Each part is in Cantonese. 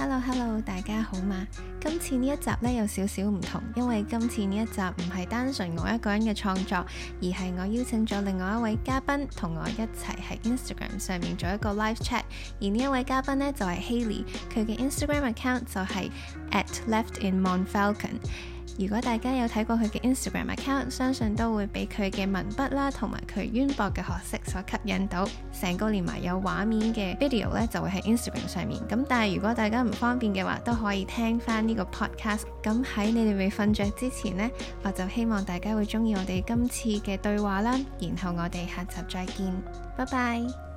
Hello Hello，大家好嘛？今次呢一集呢有少少唔同，因為今次呢一集唔係單純我一個人嘅創作，而係我邀請咗另外一位嘉賓同我一齊喺 Instagram 上面做一個 live chat。而呢一位嘉賓呢就係 Hallie，佢嘅 Instagram account 就係、是、at leftinmonfalcone。如果大家有睇過佢嘅 Instagram account，相信都會俾佢嘅文筆啦，同埋佢淵博嘅學識所吸引到。成個連埋有畫面嘅 video 咧，就會喺 Instagram 上面。咁但係如果大家唔方便嘅話，都可以聽翻呢個 podcast。咁喺你哋未瞓着之前呢，我就希望大家會鍾意我哋今次嘅對話啦。然後我哋下集再見，拜拜。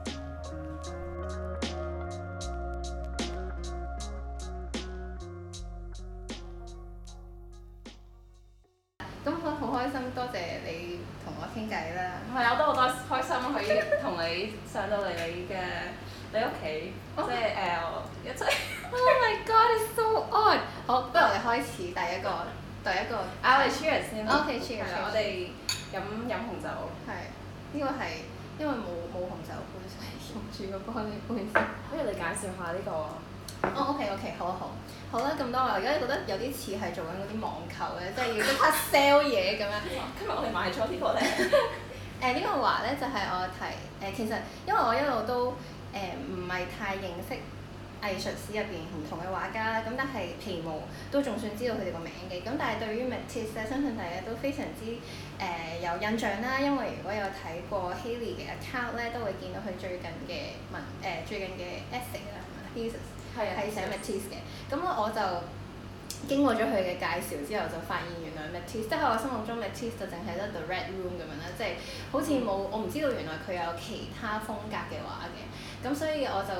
術史入邊唔同嘅畫家啦，咁但係皮毛都仲算知道佢哋個名嘅，咁但係對於 Matisse 啊，相信大家都非常之誒、呃、有印象啦，因為如果有睇過 Hallie 嘅 account 咧，都會見到佢最近嘅文誒、呃、最近嘅 essay 啦，係寫 Matisse 嘅，咁、嗯、我就經過咗佢嘅介紹之後就發現原來 Matisse，即係我心目中 Matisse 就淨係得 The Red Room 咁樣啦，即、就、係、是、好似冇我唔知道原來佢有其他風格嘅畫嘅，咁所以我就。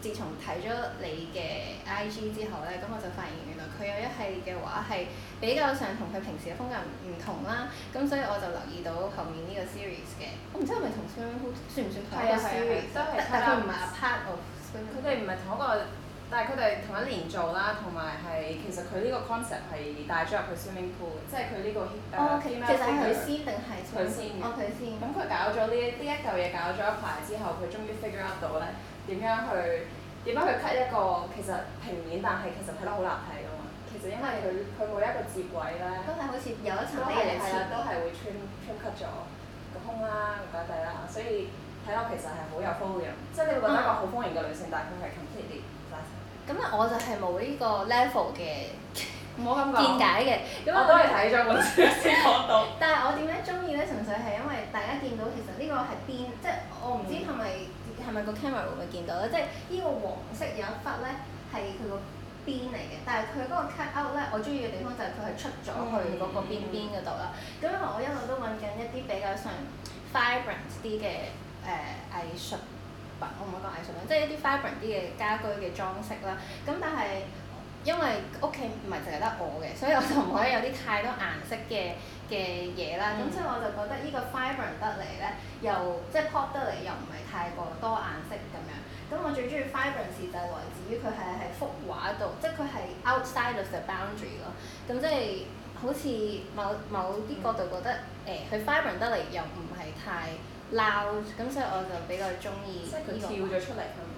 自從睇咗你嘅 IG 之後咧，咁我就發現原來佢有一系列嘅話係比較上同佢平時嘅風格唔同啦。咁所以我就留意到後面呢個 series 嘅，我唔知係咪同 swimming pool 算唔算同一個 series 係唔係 part of？佢哋唔係同一個，但係佢哋同一年做啦，同埋係其實佢呢個 concept 係帶咗入去 swimming pool，即係佢呢個 hit。哦，其實係佢先定係佢先？佢先。咁佢搞咗呢呢一嚿嘢搞咗一排之後，佢終於 figure up 到咧。點樣去點樣去 cut 一個其實平面，但係其實睇得好立體噶嘛。其實因為佢佢每一個接位咧，都係好似有一層嘅層次，都係會穿穿 cut 咗個胸啦個底啦，所以睇落其實係好有豐盈嘅。即係你會覺得一個好豐盈嘅女性，但佢係近視啲。咁啊，我就係冇呢個 level 嘅咁見解嘅。咁我都係睇咗，我先先學到。但係我點解中意咧？純粹係因為大家見到其實呢個係邊？即係我唔知係咪。係咪個 camera 會唔會見到咧？即係呢個黃色有一忽咧，係佢個邊嚟嘅，但係佢嗰個 cut out 咧，我中意嘅地方就係佢係出咗去嗰個邊邊嗰度啦。咁因為我一路都揾緊一啲比較上 vibrant 啲嘅誒、呃、藝術品，我唔好講藝術品，即係一啲 vibrant 啲嘅家居嘅裝飾啦。咁但係，因為屋企唔係淨係得我嘅，所以我就唔可以有啲太多顏色嘅嘅嘢啦。咁、嗯、所以我就覺得呢個 vibrant 得嚟咧，又、嗯、即係 pop 得嚟，又唔係太過多顏色咁樣，咁我最中意 vibrant 是就係來自於佢係係幅畫度，嗯、即係佢係 outside of the boundary 咯。咁即係好似某某啲角度覺得，誒、呃、佢 vibrant 得嚟又唔係太鬧，咁所以我就比較中意即係佢跳咗出嚟。嗯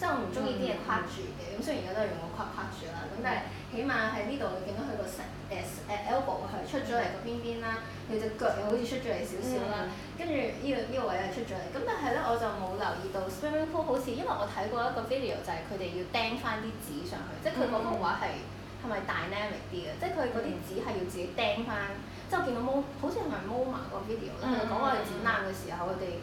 即係我唔中意啲嘢框住嘅，咁雖然而家都係用個框框住啦，咁但係起碼喺呢度你見到佢個成誒 elbow 係出咗嚟個邊邊啦，佢隻腳又好似出咗嚟少少啦，跟住呢個呢個位又出咗嚟，咁但係咧我就冇留意到 Spring Pool 好似因為我睇過一個 video 就係佢哋要釘翻啲紙上去，即係佢嗰個幅畫係係咪 dynamic 啲嘅，即係佢嗰啲紙係要自己釘翻，即係我見到 mo 好似唔係 MoMA 個 video 咧，講開佢展覽嘅時候佢哋。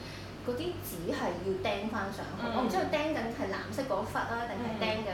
啲紙係要釘翻上去，我唔知佢釘緊係藍色嗰忽啊，定係釘緊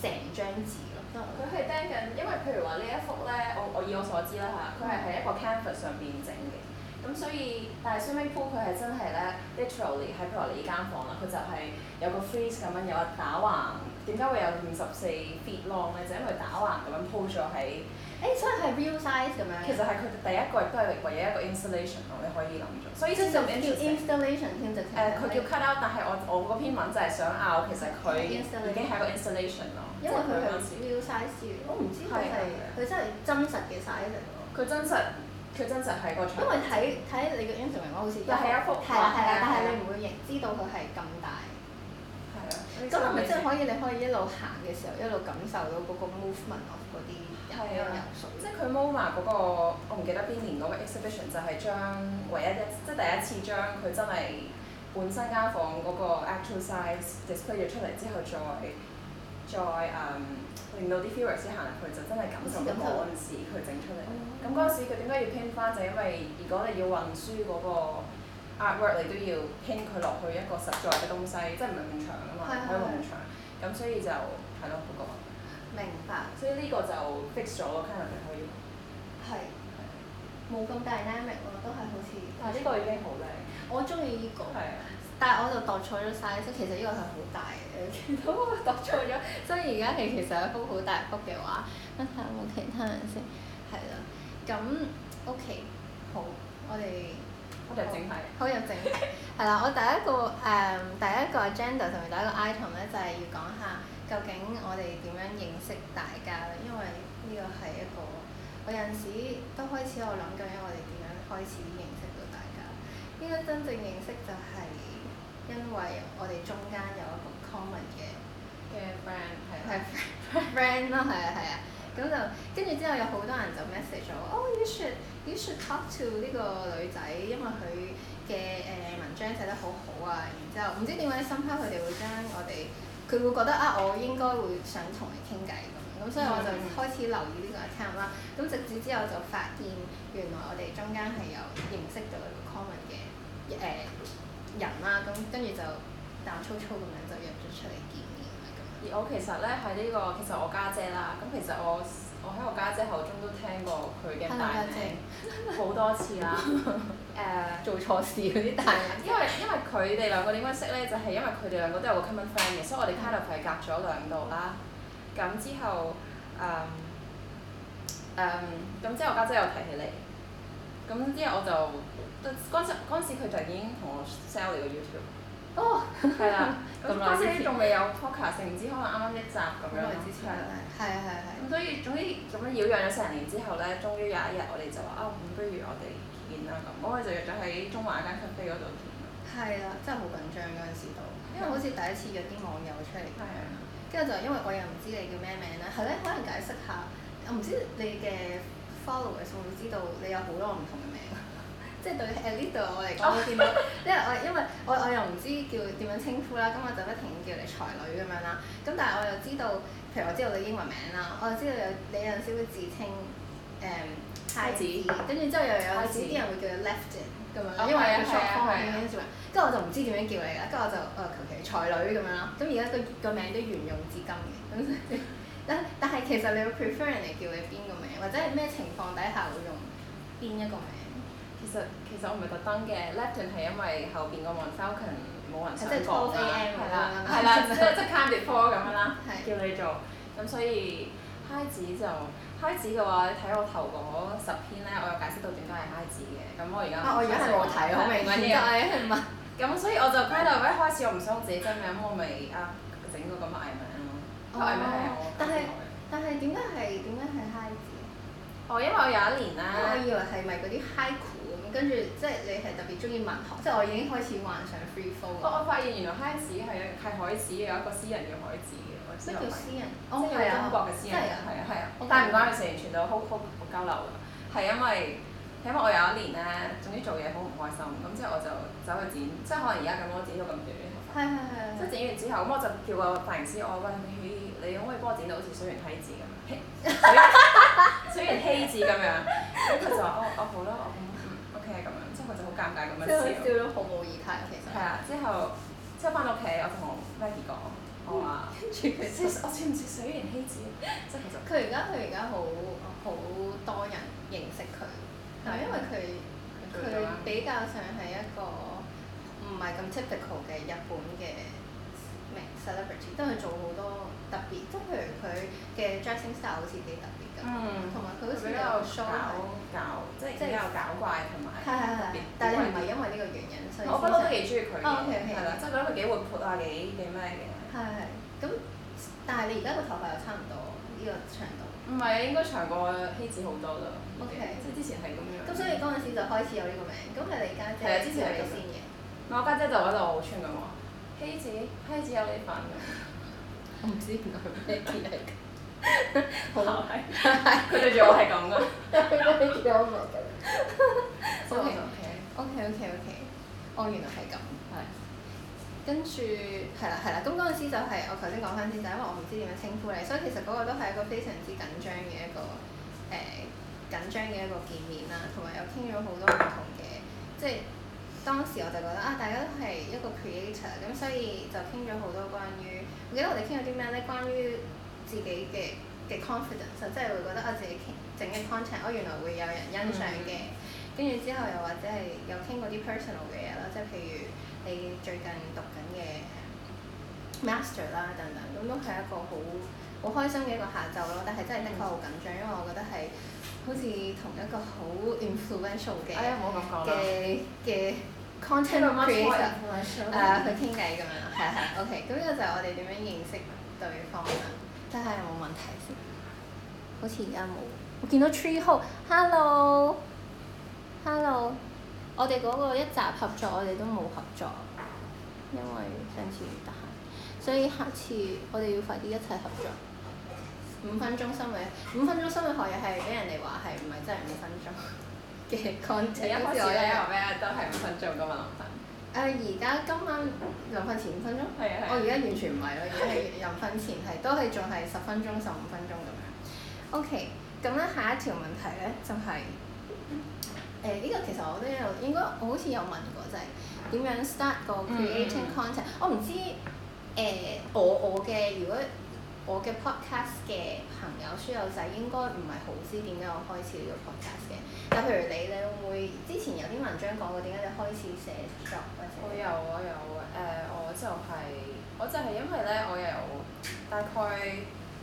成張紙咯。佢係釘緊，因為譬如話呢一幅咧，我我以我所知啦吓，佢係喺一個 canvas 上邊整嘅。咁、嗯、所以，但係 Swimming Pool 佢係真係咧，literally，喺譬如話你依間房啦，佢就係有個 freeze 咁樣，有個打橫，點解會有五十四 feet long 呢？就因為打橫咁樣鋪咗喺，誒、欸，所以係 real size 咁樣。其實係佢第一個亦都係唯一一個 installation 咯，你可以諗咗。所以先叫 installation 添，就誒，佢叫 cut out，但係我我嗰篇文就係想拗其實佢已經係個 installation 咯。因為佢係 real size，real size 我唔知佢係佢真係真實嘅 size 嘅。佢真實。佢真實係個場，因為睇睇你嘅 Instagram 好似又係一幅畫嚟嘅，但係你唔會認知道佢係咁大。係啊，咁咪即係可以，你可以一路行嘅時候，一路感受到嗰個 movement 嗰啲，係啊，即係佢 MoMA 嗰個，我唔記得邊年嗰個 exhibition 就係將唯一一即係第一次將佢真係本身間房嗰個 actual size display 咗出嚟之後再再誒。嗯令到啲 f u l e r 行入去就真係感受到嗰陣、嗯、時佢整出嚟，咁嗰陣時佢點解要 p i 翻，就因為如果你要運輸嗰個 artwork 你都要 p 佢落去一個實在嘅東西，即係唔係咁牆啊嘛，唔係木牆，咁所以就係咯嗰個。明白，所以呢個就 fix 咗個 c a n 可以。係對。冇咁對大 naming 都係好似。但係呢個已經好靚，我中意呢個。但係我就度錯咗晒，即其實呢個係好大嘅。見到我度錯咗， 所以而家係其實一幅好大一幅嘅畫。咁睇下冇其他人先，係啦。咁 OK，好，我哋好有整體，好有整體。係啦， 我第一個誒，um, 第一個 agenda 同埋第一個 item 咧，就係、是，要講下究竟我哋點樣認識大家咧，因為呢個係一個我有陣時都開始我諗緊，我哋點樣開始認識到大家。應該真正認識就係、是。因為我哋中間有一個 common 嘅嘅 friend 係係 friend f 咯，係啊，係啊，咁 就跟住之後有好多人就 message 咗：oh,「哦，you should you should talk to 呢個女仔，因為佢嘅誒文章寫得好好啊，然之後唔知點解深刻佢哋會將我哋佢會覺得啊，我應該會想同你傾偈咁，咁所以我就開始留意呢個 account 啦。咁直至之後就發現原來我哋中間係有認識到一個 common 嘅誒。Mm hmm. 呃人啦，啊，咁跟住就淡粗粗咁樣就約咗出嚟見面，而我其實咧喺呢、這個，其實我家姐，姐啦，咁其實我我喺我家姐口中都聽過佢嘅大名好多次啦。誒、 uh,，做錯事嗰啲大名。因為、就是、因為佢哋兩個點解識咧？就係因為佢哋兩個都有個 common friend 嘅、mm，hmm. 所以我哋開頭係隔咗兩度啦。咁之後，嗯，嗯，咁之後我家姐又提起你。咁之後我就。嗰陣嗰時佢就已經同我 sell 你個 YouTube，哦，係啦了，咁嗰陣時仲未有 podcast，成日唔知可能啱啱一集咁樣咯。係啊係啊係。咁所以總之咁之之樣擾攘咗成年之後咧，終於有一日我哋就話啊，咁、哦嗯、不如我哋見啦咁，我哋就約咗喺中華一間咖啡嗰度見。係啦，真係好緊張嗰陣時度，因為好似第一次約啲網友出嚟。係啊的。跟住就因為我又唔知你叫咩名啦，係咧，可能解釋下，我唔知你嘅 followers 會唔會知道你有好多唔同嘅名。即係對誒呢度我嚟講，我見到，因為我因為我我又唔知叫點樣稱呼啦，咁我就不停叫你才女咁樣啦。咁但係我又知道，譬如我知道你英文名啦，我又知道你有你有時會自稱誒孩子，跟住之後又有啲字人會叫你 Leftin 咁樣，okay, 因為佢 short form 跟住我就唔知點樣叫你啦，跟住我就誒求其才女咁樣啦。咁而家個個名都沿用至今嘅。咁但但係其實你會 prefer 人哋叫你邊個名，或者係咩情況底下會用邊一個名？其實我唔係特登嘅，Leftin 係因為後邊個 Monfalcone 冇人上課啊，係啦，係啦，即係即係 Kind Before 咁樣啦，叫你做，咁所以嗨子就嗨子嘅話，你睇我頭嗰十篇咧，我有解釋到點解係嗨子嘅，咁我而家我而家係冇睇我明嗰啲。咁所以我就知到，一開始我唔想自己真名，我咪啊整個咁嘅藝名咯，但係但係點解係點解係嗨子？哦，因為我有一年啦，我以為係咪嗰啲嗨酷。跟住即係你係特別中意文學，即係我已經開始幻想 freeform 我我發現原來海子係一係海子有一個詩人嘅海子嘅，我知。咩叫詩人？即係中國嘅詩人。係啊係啊。但係唔關佢成全到好好好交流㗎，係因為因為我有一年咧，總之做嘢好唔開心，咁即係我就走去剪，即係可能而家咁樣剪到咁短。係係即係剪完之後，咁我就叫個髮型師，我話你你可唔可以幫我剪到好似水原希子咁？水原希子咁樣，咁佢就話：哦哦好啦，我。O K，咁樣，之後佢就好尷尬咁樣笑，笑到毫無意態。其實係啊，之後，之後翻到屋企，我同我 Ricky 講，我話，我知唔知水原希子？即其實佢而家佢而家好好多人認識佢，但係因為佢佢比較上係一個唔係咁 typical 嘅日本嘅名 celebrity，但佢做好多特別，即譬如佢嘅 dressing style 好似幾特別。嗯，同埋佢好似比較搞即係比較搞怪同埋。係係係。但係你唔係因為呢個原因，所以我不嬲都幾中意佢嘅，係啦，即係覺得佢幾活潑啊，幾幾咩嘅。係，咁但係你而家個頭髮又差唔多，呢個長度。唔係啊，應該長過希子好多啦。O K。即係之前係咁樣。咁所以嗰陣時就開始有呢個名。咁你哋家姐係啊，之前係你先嘅。我家姐就喺度穿咁話。希子，希子有你煩㗎。我唔知點解咩嘢係 好係，佢對住我係咁噶，佢對住我係咁。OK OK OK OK OK，哦原來係咁。係 Yes.。跟住係啦係啦，咁嗰陣時就係、是、我頭先講翻先，就是、因為我唔知點樣稱呼你，所以其實嗰個都係一個非常之緊張嘅一個誒、欸、緊張嘅一個見面啦，有有同埋又傾咗好多唔同嘅即係當時我就覺得啊大家都係一個 creator，咁所以就傾咗好多關於，唔記得我哋傾咗啲咩咧？關於。自己嘅嘅 confidence，即係會覺得啊自己傾整嘅 content，哦，原來會有人欣賞嘅，跟住之後又或者係有傾過啲 personal 嘅嘢啦，即係譬如你最近讀緊嘅 master 啦等等，咁都係一個好好開心嘅一個下晝咯。但係真係的確好緊張，因為我覺得係好似同一個好 influential 嘅嘅嘅 content creator 去傾偈咁樣，係啊係。O K，咁呢個就係我哋點樣認識對方啦。都係冇問題，好似而家冇。我見到 Tree Hole，Hello，Hello，我哋嗰個一集合作，我哋都冇合作，因為上次唔得閒，所以下次我哋要快啲一齊合作。五分鐘心理，五分鐘心理學又係俾人哋話係唔係真係五分鐘嘅講？第一次我哋學咩都係五分鐘噶嘛，誒而家今晚臨瞓前五分鐘，我而家完全唔係咯，而家臨瞓前係 都係仲係十分鐘、十五分鐘咁樣。O.K.，咁、嗯、咧下一條問題咧就係誒呢個其實我都有應該我好似有問過，就係、是、點樣 start 個 creating content、嗯我呃。我唔知誒我我嘅如果我嘅 podcast 嘅朋友、書友仔應該唔係好知點解我開始呢個 podcast 嘅，但譬如你咧。佢之前有啲文章講過點解你開始寫作或者我有，我有啊有誒，我就係、是、我就係因為咧，我又有大概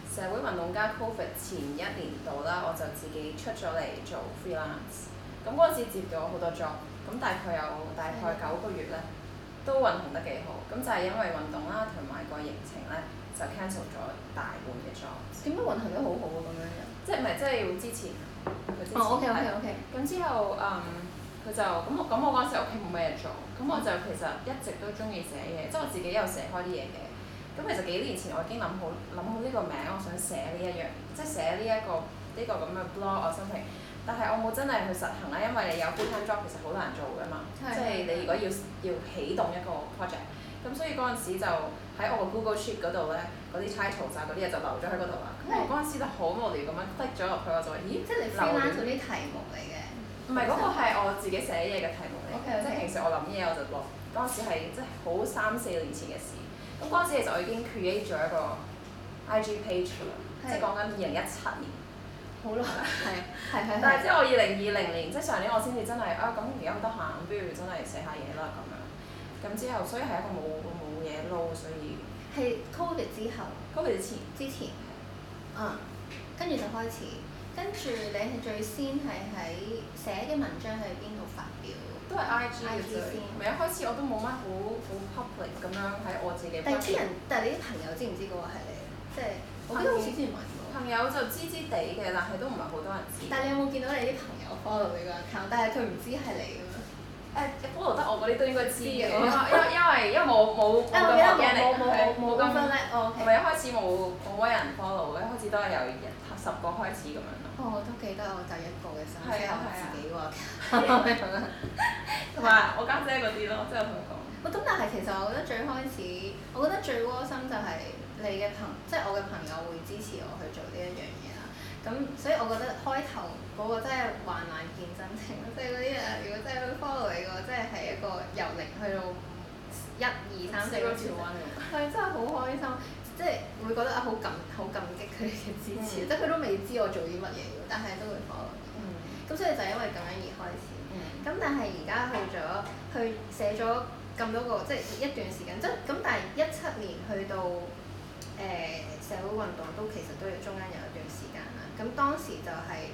社會運動家 COVID 前一年度啦，我就自己出咗嚟做 freelance，咁嗰陣時接咗好多作，咁大概有大概九個月咧，的都運行得幾好，咁就係因為運動啦同埋個疫情咧就 cancel 咗大半嘅作。點解運行得好好啊咁樣樣？即係唔係即係之前？哦，OK OK OK，咁之後嗯，佢就咁我咁我嗰陣時屋企冇咩嘢做，咁我就其實一直都中意寫嘢，即係我自己有寫開啲嘢嘅。咁其實幾年前我已經諗好諗好呢個名，我想寫呢一樣，即係寫呢一個呢個咁嘅 blog，我心諗。但係我冇真係去實行啦，因為你有 full time job 其實好難做㗎嘛，即係你如果要要起動一個 project，咁所以嗰陣時就。喺我個 Google Sheet 嗰度咧，嗰啲 title 晒嗰啲嘢就留咗喺嗰度啊！咁我嗰陣時就好無聊咁樣 click 咗落去，我就話咦，留咗嗰啲題目嚟嘅。唔係嗰個係我自己寫嘢嘅題目嚟嘅，嗯、即係平時我諗嘢我就落。嗰陣時係即係好三四年前嘅事。咁嗰陣時其實我已經 create 咗一個 IG page 啦，即係講緊二零一七年。好耐係係但係即係我二零二零年即係上年我先至真係啊！咁而家好得閒，不如真係寫下嘢啦咁樣。咁之後所以係一個冇冇嘢撈，所以。係 Covid 之後，Covid 前，之前，嗯，跟住就開始，跟住你係最先係喺寫嘅文章喺邊度發表？都係 I G I G 先，唔係一開始我都冇乜好好 public 咁樣喺我自己。但係啲人，但係你啲朋友知唔知嗰個係你？即係，朋友，朋友就知知地嘅，但係都唔係好多人知但有有。但係你有冇見到你啲朋友 follow 你㗎？但係佢唔知係你。誒 follow 得我嗰啲都應該知嘅，因為因為因為我冇冇冇冇冇冇咁嘅 energy 係咪一開始冇冇乜人 follow 嘅，一開始都係由十個開始咁樣咯。哦，我都記得我第一個嘅時候係我自己喎，同埋我家姐嗰啲咯，即係同佢講。咁但係其實我覺得最開始，我覺得最窩心就係你嘅朋，即係我嘅朋友會支持我去做呢一樣嘢。咁所以，我覺得開頭嗰個真係患難見真情咯，即係嗰啲啊，如果真係 follow 你嘅話，真係係一個由零去到一、二、三、四個真係好開心，即係會覺得啊好感好感激佢嘅支持，即係佢都未知我做啲乜嘢，但係都會 follow。咁所以就因為咁樣而開始。咁但係而家去咗去寫咗咁多個，即係一段時間，即係咁。但係一七年去到誒社會運動都其實都有中間有。咁當時就係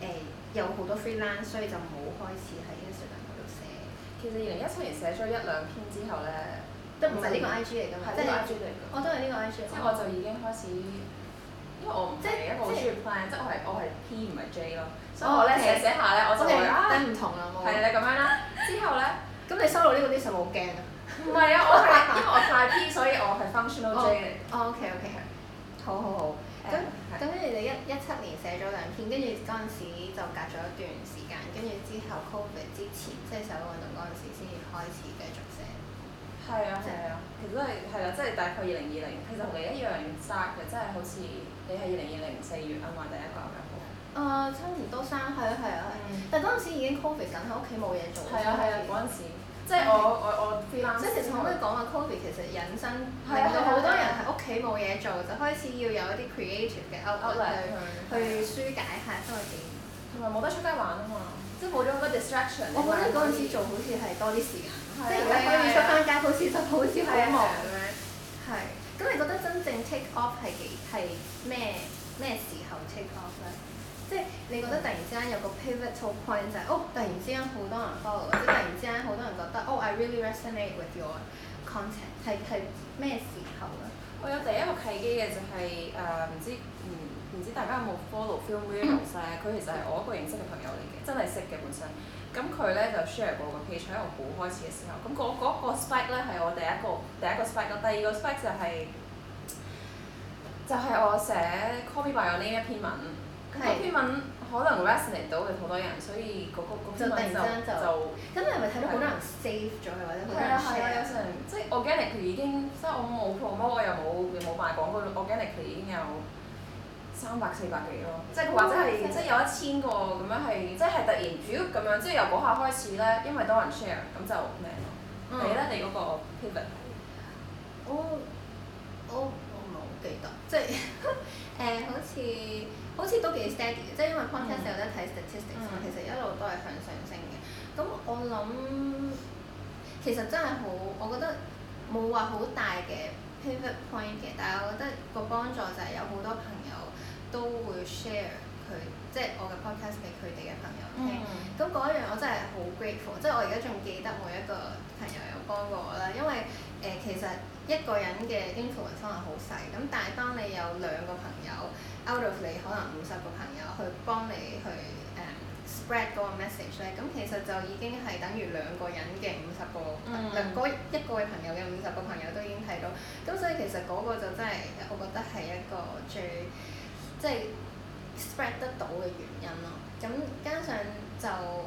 誒有好多 freelance，所以就冇開始喺 Instagram 嗰度寫。其實二零一七年寫咗一兩篇之後咧，都唔係呢個 IG 嚟㗎嘛，係咪 IG 嚟㗎？我都係呢個 IG 嚟。即係我就已經開始，因為我唔係一個好即係我係我係 P 唔係 J 咯，所以我咧寫寫下咧，我真係啊唔同啦，係你咁樣啦。之後咧，咁你收到呢個嘅時候，好驚啊！唔係啊，我係因為我係 P，所以我係 functional J 嚟。哦，OK，OK，好好好，咁。咁即係你一一七年寫咗兩篇，跟住嗰陣時就隔咗一段時間，跟住之後 COVID 之前，即係社會運動嗰陣時先開始繼續寫。係啊係啊，其實都係係啊，即係大概二零二零，其實同你一樣生嘅，即係好似你係二零二零四月啊嘛。第一個有冇？誒差唔多生，係啊係啊，但係嗰陣時已經 COVID 緊喺屋企冇嘢做，係啊係啊嗰陣時。即係我我我，即係其實可唔可以講話 covid 其實引申令到好多人喺屋企冇嘢做，就開始要有一啲 creative 嘅 output 去去舒解下心裏面，同埋冇得出街玩啊嘛，即係冇咗嗰 distraction。我覺得嗰陣時做好似係多啲時間，即係而家可以出翻街，好似就好似好忙咁樣。係。咁你覺得真正 take off 係幾係咩咩時候 take off 咧？即係你覺得突然之間有個 pivotal point，就係、是、哦，突然之間好多人 follow，或者突然之間好多人覺得哦，I really resonate with your content，係係咩時候啊？我有第一個契機嘅就係、是、誒，唔、呃、知唔唔、嗯、知大家有冇 follow Phil Williams 佢咳咳、啊、其實係我一個認識嘅朋友嚟嘅，真係識嘅本身。咁佢咧就 share 我嘅 page 喺我好開始嘅時候。咁、那、嗰個、那個、spike 咧係我第一個第一個 spike，咁、啊、第二個 spike 就係、是、就係、是、我寫 Call Me By Your Name 我呢一篇文。個篇文可能 resonate 到嘅好多人，所以嗰、嗰個嗰篇、嗰個、就就咁係咪睇到好多人 save 咗佢或者好多人 share？我 organic 已經即我冇 promote，我又冇冇賣廣告，我 organic 已經有三百四百幾咯。即或者係、oh, 即有一千個咁樣係即係突然主要咁樣，即由嗰下開始呢，因為多人 share 咁就咩咯？你呢？嗯、你嗰個篇文、oh, oh？我我我唔係好記得，即誒好似。好似都幾 steady 嘅，即係因為 podcast、嗯、有得睇 statistics、嗯、其實一路都係向上升嘅。咁我諗其實真係好，我覺得冇話好大嘅 payback point 嘅，但係我覺得個幫助就係有好多朋友都會 share 佢，即、就、係、是、我嘅 podcast 俾佢哋嘅朋友聽。咁嗰一樣我真係好 grateful，即係、嗯、我而家仲記得每一個朋友有幫過我啦，因為誒、呃、其實。一個人嘅宣傳範圍好細，咁但係當你有兩個朋友 out of 你可能五十個朋友去幫你去誒、um, spread 嗰個 message 咧，咁其實就已經係等於兩個人嘅五十個，mm hmm. 兩個一個位朋友嘅五十個朋友都已經睇到，咁所以其實嗰個就真係我覺得係一個最即係、就是、spread 得到嘅原因咯，咁加上就。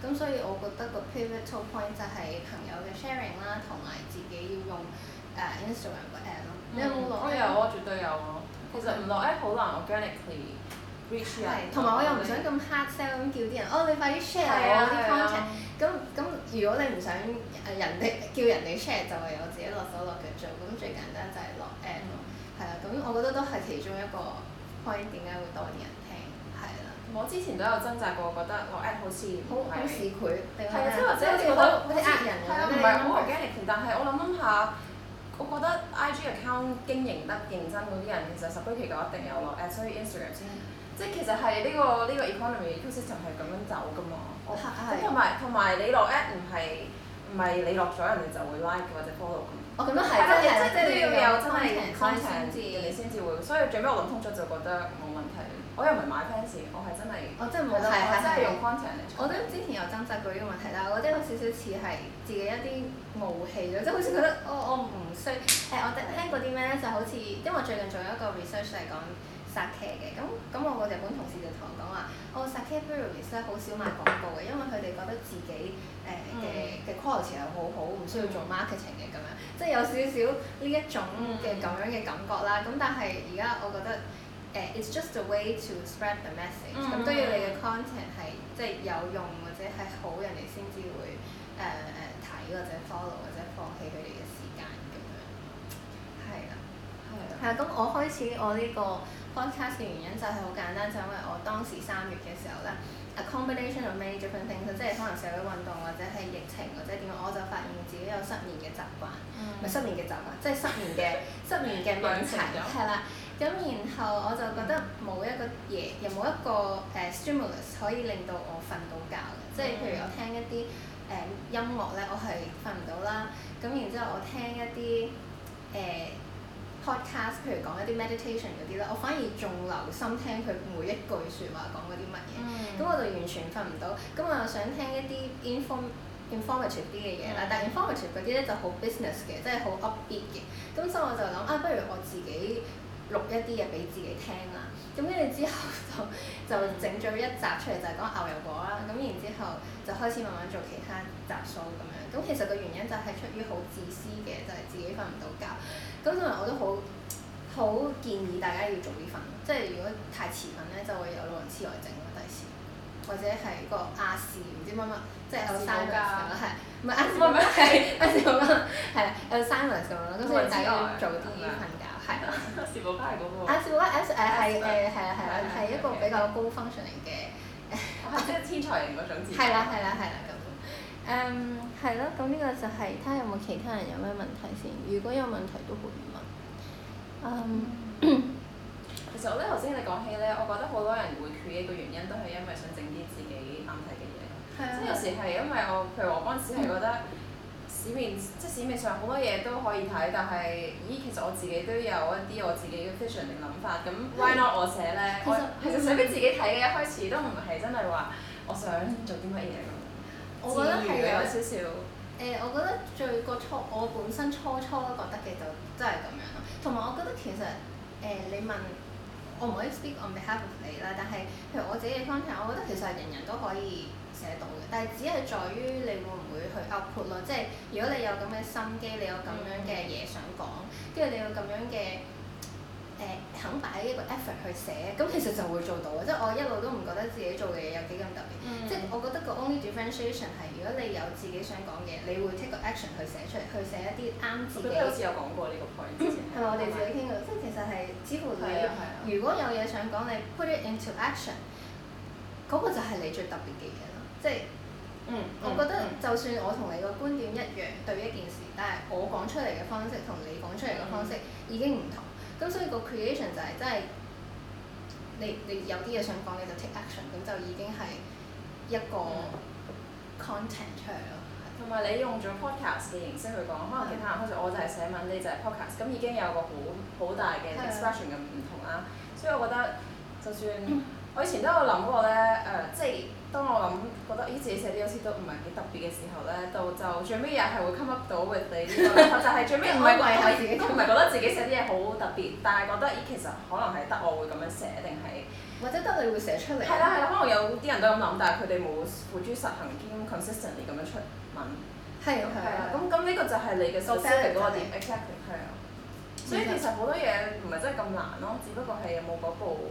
咁所以我覺得個 pivotal point 就係朋友嘅 sharing 啦，同埋自己要用誒 Instagram 個 app 咯。你有冇落？我有啊，絕對有啊。其實唔落 app 好難，我 organically reach 人。同埋我又唔想咁 hard sell 咁叫啲人。哦，你快啲 share 我啲 content。咁咁，如果你唔想誒人哋叫人哋 share，就係我自己落手落腳做。咁最簡單就係落 app 咯。係啊。咁我覺得都係其中一個 point 點解會多啲人。我之前都有掙扎過，覺得落 a p p 好似好市儈，定係咩？即或者覺得好似呃人㗎，唔係我唔驚嚟。但係我諗諗下，我覺得 IG account 經營得認真嗰啲人，其實十居其九一定有落 at，所以 Instagram 先。即係其實係呢個呢個 economy ecosystem 係咁樣走㗎嘛。咁同埋同埋你落 a p p 唔係唔係你落咗，人哋就會 like 或者 follow 㗎嘛。哦，咁都係，即你都要有真係公平你先至會。所以最尾我諗通咗，就覺得冇問題。我又唔係買 fans，我係真係，我真係冇得，我真係用 content 嚟。我諗之前有爭執過呢個問題，但我覺得有少少似係自己一啲傲氣咁，即係好似覺得，哦，我我唔需誒，呃，我聽過啲咩咧？就好似因為最近仲有一個 research 係講 sake 嘅，咁咁我個日本同事就同我講話，哦 sake brewery 咧好少賣廣告嘅，因為佢哋覺得自己誒嘅嘅 quality 係好好，唔需要做 marketing 嘅咁樣，即係有少少呢一種嘅咁樣嘅感覺啦。咁，嗯嗯，但係而家我覺得。It's just a way to spread the message、嗯。咁都要你嘅 content 係即係有用或者係好人哋先至會誒誒睇或者 follow 或者放棄佢哋嘅時間咁樣。係啦。係啊的。係啊，咁我開始我呢個 content 嘅原因就係好簡單，就係、因為我當時三月嘅時候咧，a combination of many different things，即係可能社會運動或者係疫情或者點樣，我就發現自己有失眠嘅習慣，唔、嗯、失眠嘅習慣，即、就、係、是、失眠嘅 失眠嘅問題，係啦、 嗯。的咁然後我就覺得冇一個嘢，又冇、嗯、一個誒、uh, stimulus 可以令到我瞓到覺嘅，即係譬如我聽一啲誒、uh, 音樂咧，我係瞓唔到啦。咁然之後我聽一啲誒、uh, podcast，譬如講一啲 meditation 嗰啲啦，我反而仲留心聽佢每一句説話講嗰啲乜嘢，咁、嗯、我就完全瞓唔到。咁我又想聽一啲 inform informative 啲嘅嘢啦，嗯、但 informative 嗰啲咧就好 business 嘅，真、就、係、是、好 upbeat 嘅。咁、嗯嗯、所以我就諗啊，不如我自己，錄一啲嘢俾自己聽啦，咁跟住之後就就整咗一集出嚟就係講牛油果啦，咁然之後就開始慢慢做其他集數咁樣，咁其實個原因就係出於好自私嘅，就係自己瞓唔到覺，咁所以我都好好建議大家要早啲瞓，即係如果太遲瞓咧就會有老人痴呆症咯，第時或者係個亞視唔知乜乜，即係有 Simon 啦，係唔係？係，亞視嗰個係啊，有 Simon 嗰個，咁所以大家要早啲瞓。係 啊，加係嗰個啊，視 S 係一個比較高 function 嘅，即係天才型嗰種字。係啦係啦係啦咁，誒係咯，咁呢、嗯嗯、個就係睇下有冇其他人有咩問題先，如果有問題都可以問。嗯、其實我覺得，頭先你講起呢，我覺得好多人會缺一個原因都係因為想整啲自己啱睇嘅嘢，即係的有時係因為我譬如我嗰陣時係覺得。 市面即係市面上好多嘢都可以睇，但係，咦，其實我自己都有一啲我自己嘅 fashion 嘅諗法，咁 why not 我寫咧實？其實想俾自己睇嘅，一開始都唔係真係話我想做啲乜嘢咯。嗯、我覺得係有少少。誒、呃，我覺得最個初，我本身初初都覺得嘅就真係咁樣咯。同埋我覺得其實誒、呃，你問我唔可以 speak on behalf of 你啦。但係，譬如我自己嘅方向，我覺得其實人人都可以。寫到嘅，但係只係在於你會唔會去 upload 咯，即係如果你有咁嘅心機，你有咁樣嘅嘢想講，跟住你有咁樣嘅誒肯擺一個 effort 去寫，咁其實就會做到。即係我一路都唔覺得自己做嘅嘢有幾咁特別，即係我覺得個 only differentiation 係如果你有自己想講嘅，你會 take action 去寫出嚟，去寫一啲啱自己。好似有次有講過呢個 point。係咪我哋自己傾過？即係其實係幾乎你如果有嘢想講，你 put it into action，嗰個就係你最特別嘅嘢。即係，嗯，我覺得就算我同你個觀點一樣對一件事，但係我講出嚟嘅方式同你講出嚟嘅方式已經唔同，咁、嗯、所以個 creation 就係真係，你你有啲嘢想講，你就 take action，咁就已經係一個 content 出嚟咯。同埋你用咗 podcast 嘅形式去講，可能其他人好似我就係寫文、嗯，你就係 podcast，咁已經有個好好大嘅 expression 嘅唔同啦。所以我覺得，就算我以前都有諗過咧，誒、呃，即係。當我諗覺得，咦自己寫啲好似都唔係幾特別嘅時候咧，到就最尾又係會 come up 到你呢個，就係最尾唔係覺得自己都唔係覺得自己寫啲嘢好特別，但係覺得咦其實可能係得我會咁樣寫定係，或者得你會寫出嚟。係啦係啦，可能有啲人都咁諗，但係佢哋冇付諸實行，堅 consistently 咁樣出文。係係、嗯、啊。咁咁呢個就係你嘅 stability 嗰個點，Exactly 係啊。所以其實好多嘢唔係真係咁難咯，只不過係有冇嗰部。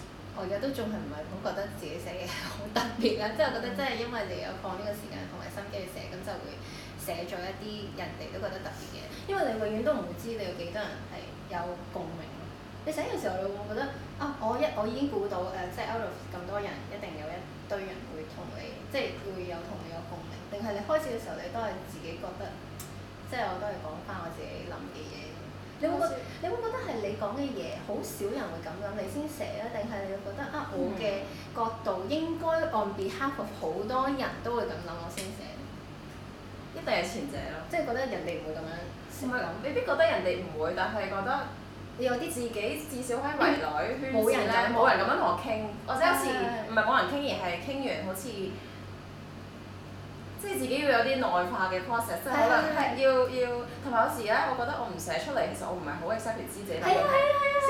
我而家都仲係唔係好覺得自己寫嘢好特別咧？即係我覺得真係因為你有放呢個時間同埋心機去寫，咁就會寫咗一啲人哋都覺得特別嘅。因為你永遠都唔會知你有幾多人係有共鳴。你寫嘅時候，你會唔會覺得啊，我一我已經估到誒、呃、即係 out of 咁多人一定有一堆人會同你，即係會有同你有共鳴定係你開始嘅時候，你都係自己覺得，即係我都係講翻我自己諗嘅嘢。你會覺你會覺得係你講嘅嘢好少人會咁諗，你先寫啊？定係你會覺得啊，我嘅角度應該 on behalf of 好多人都會咁諗，我先寫，一定係前者咯。即係覺得人哋唔會咁樣先會咁，未必覺得人哋唔會，但係覺得你有啲自己至少喺圍內圈子咧，冇人、嗯、冇人咁樣同我傾，或者想、啊、有時唔係冇人傾而係傾完，完好似。即係自己要有啲內化嘅 process，即係可能係要要，同埋有時咧，我覺得我唔寫出嚟，其實我唔係好 accept 自己咁，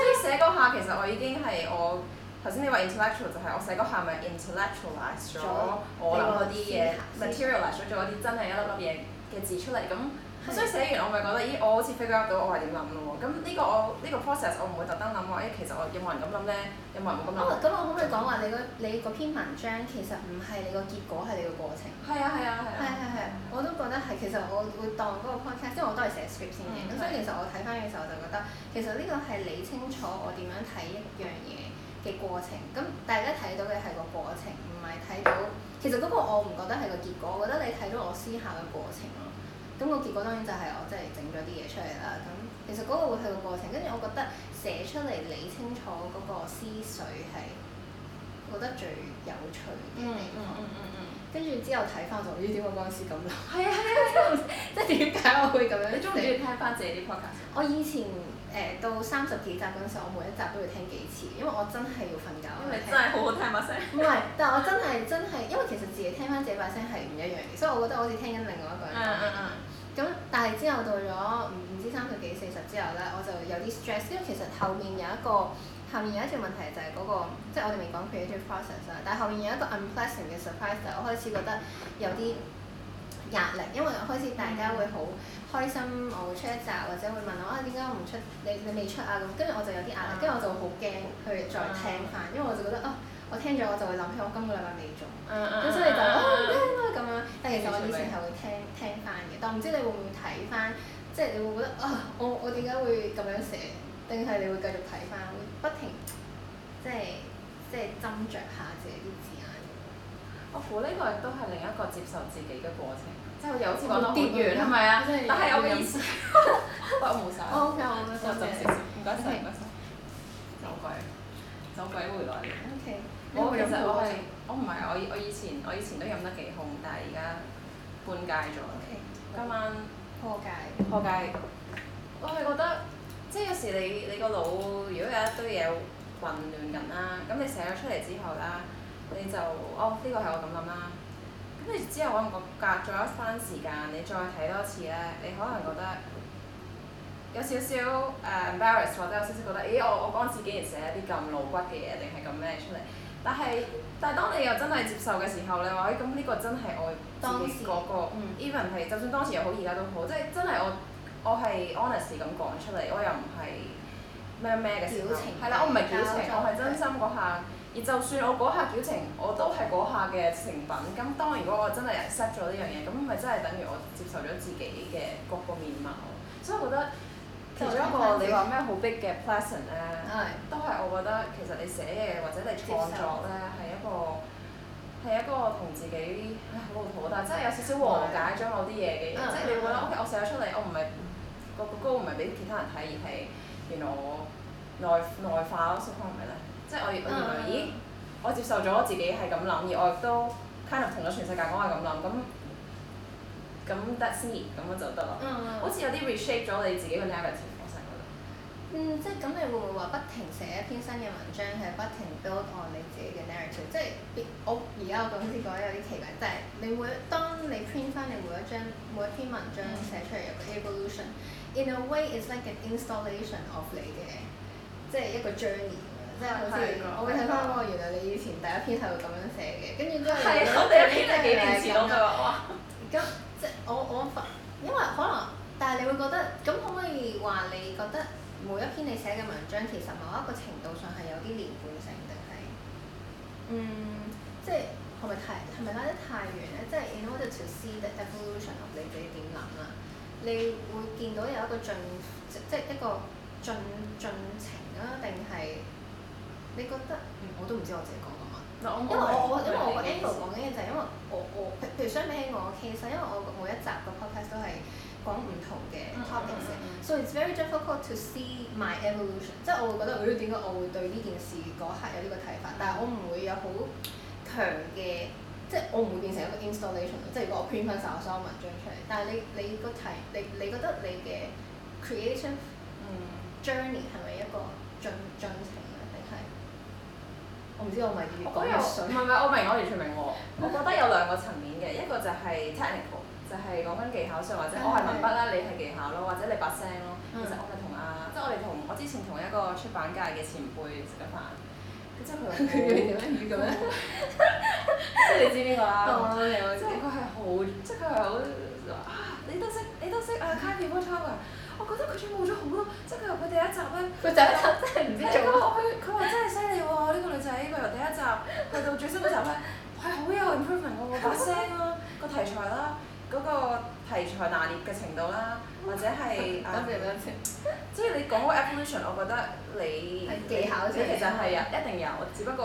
所以寫嗰下，其實我已經係我頭先你話 intellectual，就係我寫嗰下咪 intellectualise 咗我 諗樂嗰啲嘢，materialised 咗嗰啲真係一粒粒嘢嘅字出嚟咁。所以寫完我咪覺得，咦，我好似 figure out 到我係點諗咯喎？咁呢個我呢、呢個 process 我唔會特登諗話，因、欸、其實我有冇人咁諗咧？有冇人冇咁諗？哦、嗯，咁我可以講話你、那個、你嗰篇文章其實唔係你個結果，係你個過程。係啊係啊係。係係、啊啊啊啊啊、我都覺得係。其實我會當嗰個 process，因為我都係寫 script 先嘅。咁、嗯啊、所以其實我睇翻嘅時候我就覺得，其實呢個係理清楚我點樣睇一樣嘢嘅過程。咁大家睇到嘅係個過程，唔係睇到。其實嗰個我唔覺得係個結果，我覺得你睇到我思考嘅過程咯。咁個結果當然就係我真係整咗啲嘢出嚟啦。咁其實嗰個會係個過程，跟住我覺得寫出嚟理清楚嗰個思緒係覺得最有趣嘅地方、嗯。嗯跟住、嗯嗯嗯、之後睇翻就唔知點解嗰時咁耐。係 啊係啊即係點解我會咁樣？你中唔中意聽翻自己啲 podcast？我以前誒、呃、到三十幾集嗰陣時候，我每一集都要聽幾次，因為我真係要瞓覺。因為聽真係好好聽把聲。唔 係，但係我真係真係，因為其實自己聽翻自己把聲係唔一樣嘅，所以我覺得我好似聽緊另外一個人咁但係之後到咗唔唔知三十幾四十之後咧，我就有啲 stress，因為其實後面有一個後面有一條問題就係嗰個，即係我哋未講佢要出 process，但係後面有一個 unpleasant 嘅 surprise 就係我開始覺得有啲壓力，因為我開始大家會好開心我會出一集或者會問我啊，點解我唔出你你未出啊咁，跟住我就有啲壓力，跟住我就好驚去再聽翻，因為我就覺得啊。我聽咗我就會諗起我今個禮拜未做，咁所以就啊聽啦咁樣。但其實我以前係會聽聽翻嘅，但唔知你會唔會睇翻？即係你會覺得啊，我我點解會咁樣寫？定係你會繼續睇翻，會不停即係即係斟酌下自己啲字眼。我估呢個亦都係另一個接受自己嘅過程，即係又好似講到好跌完係咪啊？但係我嘅意思，我冇曬。O K，我冇曬，即係唔該曬，唔該晒。走鬼，走鬼回來 O K。我其實我係我唔係我我以前我以前都飲得幾兇，但係而家半戒咗。Okay, 但今晚破戒。破戒、嗯。我係覺得，即係有時你你個腦如果有一堆嘢混亂緊啦，咁你寫咗出嚟之後啦，你就哦呢個係我咁諗啦。咁你之後可能個隔咗一翻時間，你再睇多次咧，你可能覺得有少少誒、uh, embarrass 或者有少少覺得，咦、哎、我我嗰陣時竟然寫咗啲咁露骨嘅嘢，定係咁咩出嚟？但係，但係當你又真係接受嘅時候，你話誒咁呢個真係我自己嗰、嗰個 even 係，就算當，時、嗯、當時又好而家都好，即係真係我我係 honest 咁講出嚟，我又唔係咩咩嘅表情。係啦，我唔係表情，我係真心嗰下。的而就算我嗰下表情，我都係嗰下嘅成品。咁的當然如果我真係 set 咗呢樣嘢，咁咪真係等於我接受咗自己嘅各個面貌。所以我覺得。除一個你話咩好 big 嘅 person 咧，都係我覺得其實你寫嘢或者你創作咧係受一個係一個同自己啊好無語，但係真係有少少和解咗我啲嘢嘅嘢，即係的你會覺得、嗯、OK，我寫咗出嚟，我唔係個個歌唔係俾其他人睇，而係原來我內內化咯，所以可能唔係咧？即係我原來咦，我接受咗自己係咁諗，而我亦都 kind of 同咗全世界講話咁諗，咁咁得先咁樣就得咯，嗯、好似有啲 reshape 咗你自己個 narrative。嗯，即係咁，你會唔會話不停寫一篇新嘅文章，係不停 build up 你自己嘅 narrative？即係我而家我講啲講有啲奇怪，即、就、係、是、你每當你 print 翻你每一張每一篇文章寫出嚟、嗯、有個 evolution，in a way is like an installation of 你嘅，即係一個 journey，即係好似我會睇翻喎，嗯、原來你以前第一篇係會咁樣寫嘅，跟住之都係我哋一篇係幾年前嗰句話話，咁即係我我因為可能，但係你會覺得，咁可唔可以話你覺得？每一篇你寫嘅文章，其實某一個程度上係有啲連貫性，定係嗯，即係係咪太係咪拉得太遠咧？嗯、即係 in order to see the evolution of 你你點諗啊？你會見到有一個進即即一個進進程啊，定係你覺得？我都唔知我自己講緊乜，因為我我因為我 angle 講緊嘅就係因為我我，我譬如相比起我其實因為我每一集個 podcast 都係。講唔同嘅 topics，so it's very difficult to see my evolution。即 係、 就是、我會覺得，誒點解我會對呢件事嗰刻有呢個睇法？但係我唔會有好強嘅，即、就、係、是、我唔會變成一個 installation。即係、mm. 如，如果我編翻曬我所有文章出嚟，但係你你個題，你你覺得你嘅 creation journey 係咪一個進進程啊？定係我唔知我咪越講越水。唔係，我明，我完全明喎。我覺得有兩個層面嘅，一個就係 technical 就係講緊技巧上，或者我係文筆啦，你係技巧咯，或者你把聲咯。其實我係同阿，即係我哋同我之前同一個出版界嘅前輩食緊飯，佢即係佢佢佢佢咁樣，即係你知邊個啦？即係佢係好，即係佢係好啊！你都識，你都識啊。我覺得佢全部咗好多，即係佢由第一集咧，佢第一集真係唔知。佢佢話真係犀利喎！呢個女仔，佢由第一集去到最新集咧，係好有 improvement 噶把聲啦，個題材啦。嗰個題材拿捏嘅程度啦，或者係，即係你講嗰個 explanation，我覺得你技巧你其實係有，巧一定有，只不過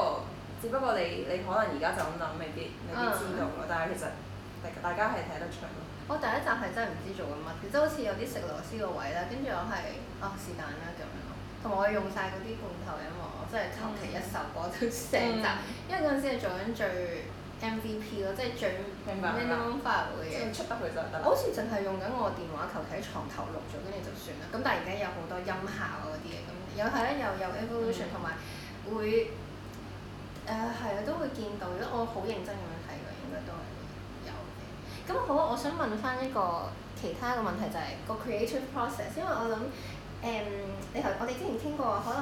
只不過你你可能而家就咁諗未必，未必知道咯，啊、但係其實大大家係睇得出。我第一集係真係唔知做緊乜，即係好似有啲食螺絲個位啦，跟住我係哦，是但啦咁咯，同埋我用晒嗰啲罐頭音樂，我真係求其一首歌都成集，嗯、因為嗰陣時係做緊最。最最 M V P 咯，MVP，即係最咩 number 嘅嘢，出得去就得啦。我好似淨係用緊我電話，求其喺床頭錄咗，跟住就算啦。咁但係而家有好多音效嗰啲嘢，咁有係咧，又有 evolution，同埋、嗯、會誒係啊，都會見到。如果我好認真咁樣睇嘅，應該都係會有嘅。咁好，我想問翻一個其他嘅問題、就是，就係個 creative process，因為我諗誒、嗯，你同我哋之前傾過，可能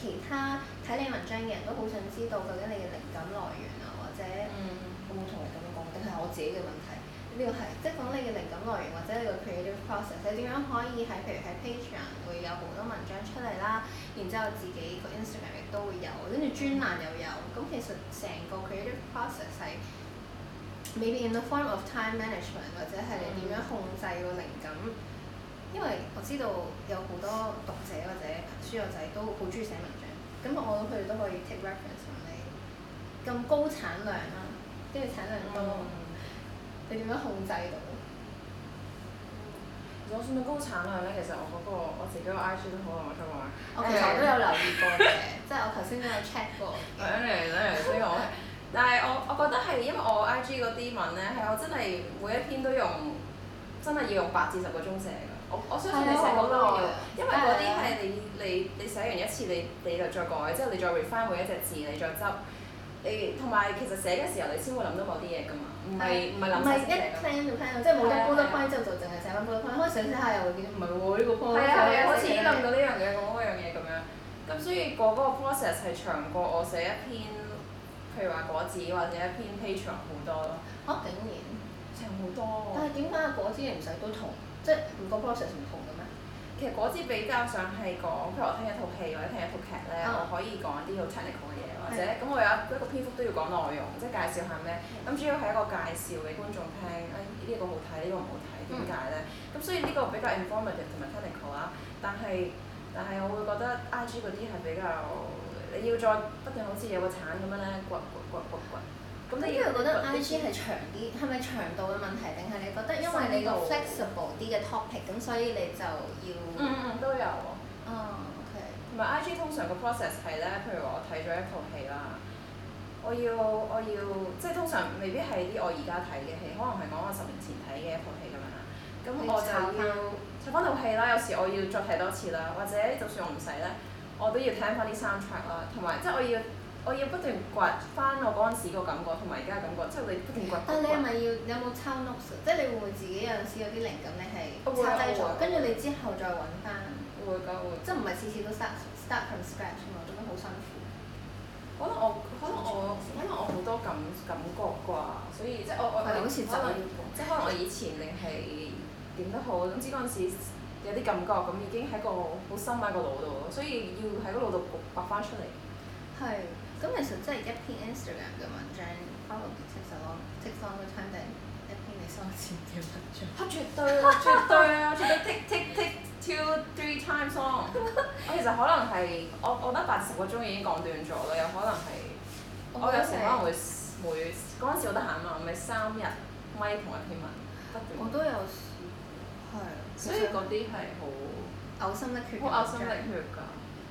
其他睇你文章嘅人都好想知道究竟你嘅靈感來源。嗯，我冇同你咁樣講定係我自己嘅問題？呢個係即係講你嘅靈感來源，或者你個 creative process 你點樣可以喺、嗯、譬如喺 Patreon 會有好多文章出嚟啦，然之後自己個 Instagram 亦都會有，跟住專欄又有。咁、嗯、其實成個 creative process 係 maybe in the form of time management 或者係你點樣控制個靈感。嗯、因為我知道有好多讀者或者書友仔都好中意寫文章，咁我諗佢哋都可以 take reference。咁高產量啊！跟住產量多，你點樣控制到？我算唔算高產量咧？其實我嗰個我自己個 I G 都好耐冇出過。我其實我都有留意過嘅，即係我頭先都有 check 過。嚟嚟嚟！所以我，但係我我覺得係因為我 I G 嗰啲文咧係我真係每一篇都用，真係要用八至十個鐘寫㗎。我我相信你寫好多都要，因為嗰啲係你你你寫完一次你你就再改，之後你再 refine 每一隻字，你再執。你同埋其實寫嘅時候，你先會諗到嗰啲嘢㗎嘛，唔係唔係諗曬唔係一聽就聽到，即係冇一科都開之後就淨係成日冇得開。開始下又會見唔係會呢個科。係啊係啊，好似諗到呢樣嘢講嗰樣嘢咁樣。咁所以果個 process 係長過我寫一篇，譬如話稿子或者一篇 paper 好多咯。哦，竟然長好多。但係點解果稿子唔使都同，即係唔同 process 唔同嘅咩？其實稿子比較上係講，譬如我聽一套戲或者聽一套劇咧，我可以講啲好 technical 嘅嘢。或者咁，嗯，我有一一個篇幅都要講內容，即係介紹下咩？咁主要係一個介紹俾觀眾聽，誒呢個好睇，呢個唔好睇，點解咧？咁所以呢個比較 informative 同埋 technical 啊，但係但係我會覺得 IG 嗰啲係比較你要再不斷好似有個鏟咁樣咧掘掘掘掘掘。咁你因為，嗯，覺得 IG 係長啲，係咪長度嘅問題，定係你覺得因為你個 flexible 啲嘅 topic，咁所以你就要嗯，嗯，都有啊。同埋 I G 通常個 process 係咧，譬如話我睇咗一套戲啦，我要我要即係通常未必係啲我而家睇嘅戲，可能係講我十年前睇嘅一套戲咁樣啦。咁我就要睇翻套戲啦，有時我要再睇多次啦，或者就算我唔使咧，我都要聽翻啲 soundtrack 啦，同埋即係我要我要不斷掘翻我嗰陣時個感覺同埋而家嘅感覺，即係你不斷掘。但你係咪要你有冇抄 note？即係你會唔會自己有陣時有啲靈感你，你係抄低咗，跟住你之後再揾翻。會咁會，即係唔係次次都 start start from scratch 嘛，做緊好辛苦。可能我可能我可能我好多感感覺啩，所以即係我我可能即係可能我以前定係點都好，總之嗰陣時有啲感覺咁，已經喺個好深埋個腦度，所以要喺個腦度掘翻出嚟。係，咁其實真係一篇 Instagram 嘅文章 follow text long take long time 定，一篇你收錢嘅文章？絕對絕對啊！絕對 tick tick tick。Two, three times 我其實可能係我，我，我覺得八十個鐘已經講斷咗啦，有可能係我有時可能會每嗰陣時我得閒啊嘛，咪三日咪同一篇文，不斷。我都有試，係。所以嗰啲係好。嘔心瀝血嘅。好嘔心瀝血㗎。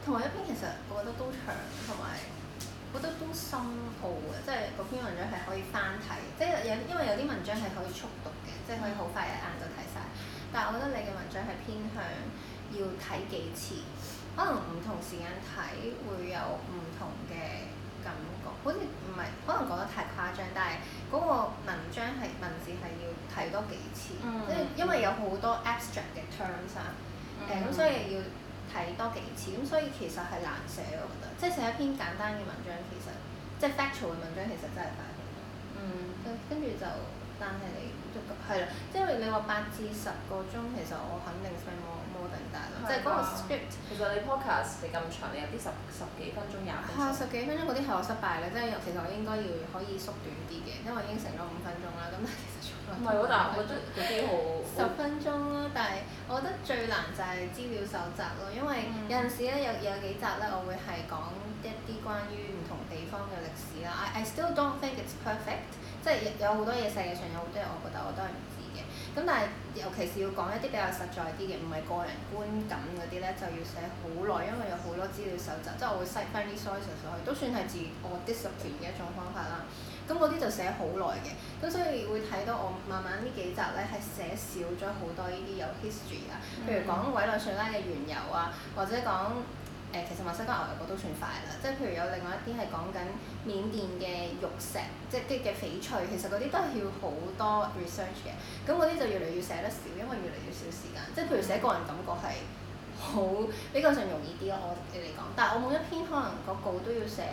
同埋一篇其實我覺得都長，同埋覺得都深奧嘅，即係嗰篇文章係可以翻睇，即係有因為有啲文章係可以速讀嘅，即係可以好快一眼就睇晒。但係我覺得你嘅文章係偏向要睇幾次，可能唔同時間睇會有唔同嘅感覺，好似唔係，可能講得太誇張，但係嗰個文章係文字係要睇多幾次，mm hmm. 因為有好多 abstract 嘅 terms、mm，誒、hmm. 咁、uh, 所以要睇多幾次，咁所以其實係難寫，我覺得，即係寫一篇簡單嘅文章其實，即係 factual 嘅文章其實真係快好多。Mm hmm. 嗯，跟跟住就。但係你都係啦，因為了你話八至十個鐘，其實我肯定係 more more than that 咯，即係嗰個 script。其實你 podcast 你咁長，你有啲十十幾分鐘、廿分鐘、嗯、十幾分鐘嗰啲係我失敗咧，即係其實我應該要可以縮短啲嘅，因為已經成咗五分鐘啦。咁但係其實唔係，好大了，係我覺得幾好。十分鐘啦，但係我覺得最難就係資料搜集咯，因為有陣時咧有有幾集咧，我會係講一啲關於唔同地方嘅歷史啦。I, I still don't think it's perfect. 即係有好多嘢，世界上有好多嘢，我覺得我都係唔知嘅。咁但係尤其是要講一啲比較實在啲嘅，唔係個人觀感嗰啲咧，就要寫好耐，因為有好多資料搜集，即係我會 cite 翻啲 sources 上去，都算係自我 discipline 嘅一種方法啦。咁嗰啲就寫好耐嘅，咁所以會睇到我慢慢呢幾集咧係寫少咗好多呢啲有 history 啊，譬如講委內瑞拉嘅原油啊，或者講。誒、其實墨西哥牛油果都算快啦，即係譬如有另外一啲係講緊緬甸嘅玉石，即係嘅翡翠，其實嗰啲都係要好多 research 嘅，咁嗰啲就越嚟越寫得少，因為越嚟越少時間，即係譬如寫個人感覺係好比較上容易啲咯，我自己嚟講，但係我每一篇可能個稿都要寫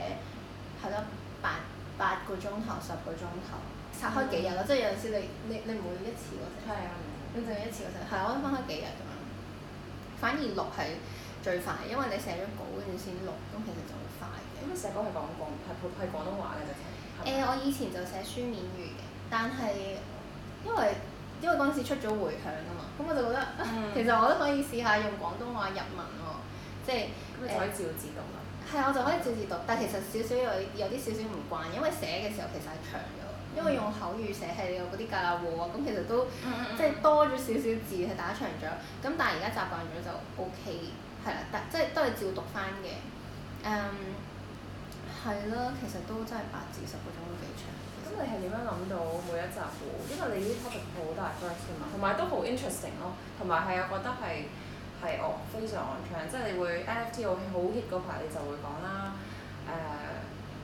係咯八八個鐘頭、個嗯、十個鐘頭拆開幾日咯，嗯、即係有陣時你你你每一次我出嚟啊，你就係一次我出係啊，我都分開幾日㗎嘛，反而六係。最快，因為你寫咗稿嗰陣先錄，咁其實就好快嘅。咁你、嗯、寫稿係講廣係係廣東話嘅啫。誒、欸，我以前就寫書面語嘅，但係因為因為嗰陣時出咗回響啊嘛，咁我就覺得，嗯、其實我都可以試下用廣東話入文喎，即、就、係、係。咁就可以照字讀啦。係啊，我就可以照字讀，但其實少少有有啲少少唔慣，因為寫嘅時候其實係長咗。因為用口語寫係有嗰啲格拉鑊啊，咁其實都、嗯、即係多咗少少字去打長咗，咁但係而家習慣咗就 O K，係啦，但, OK, 但即係都係照讀返嘅，誒，係啦，其實都真係八至十個鐘幾長，咁、嗯、實你係點樣諗到每一集嘅？因為你啲 topic 好 diverse 同埋都好 interesting 咯，同埋係我覺得係係哦，非常安全，即係你會 NFT 好好 hit 嗰排你就會講啦，誒、呃。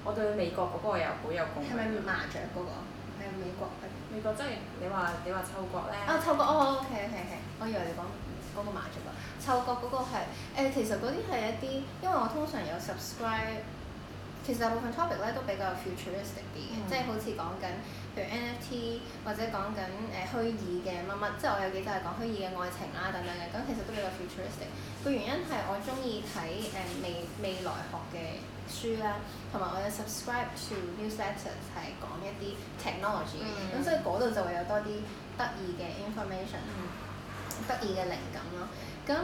我對美國嗰個又好有共鳴。係咪麻雀嗰、那個？係、嗯、美國嘅。美國即、就、係、是、你話你話嗅覺咧。啊，嗅覺哦，係係係，哦、okay, okay, okay. 我以為你講嗰個麻雀啊。嗅覺嗰個係、呃、其實嗰啲係一啲，因為我通常有 subscribe，其實大部分 topic 咧都比較有 futuristic 啲嘅，即係好似講緊譬如 NFT 或者講緊誒虛擬嘅乜乜，即係我有幾集係講虛擬嘅愛情啦、啊、等等嘅，咁其實都比較 futuristic。個原因係我中意睇誒未未來學嘅書啦，同埋我有 subscribe to newsletters 係講一啲 technology，咁、mm hmm. 所以嗰度就會有多啲得意嘅 information，得意嘅靈感咯。咁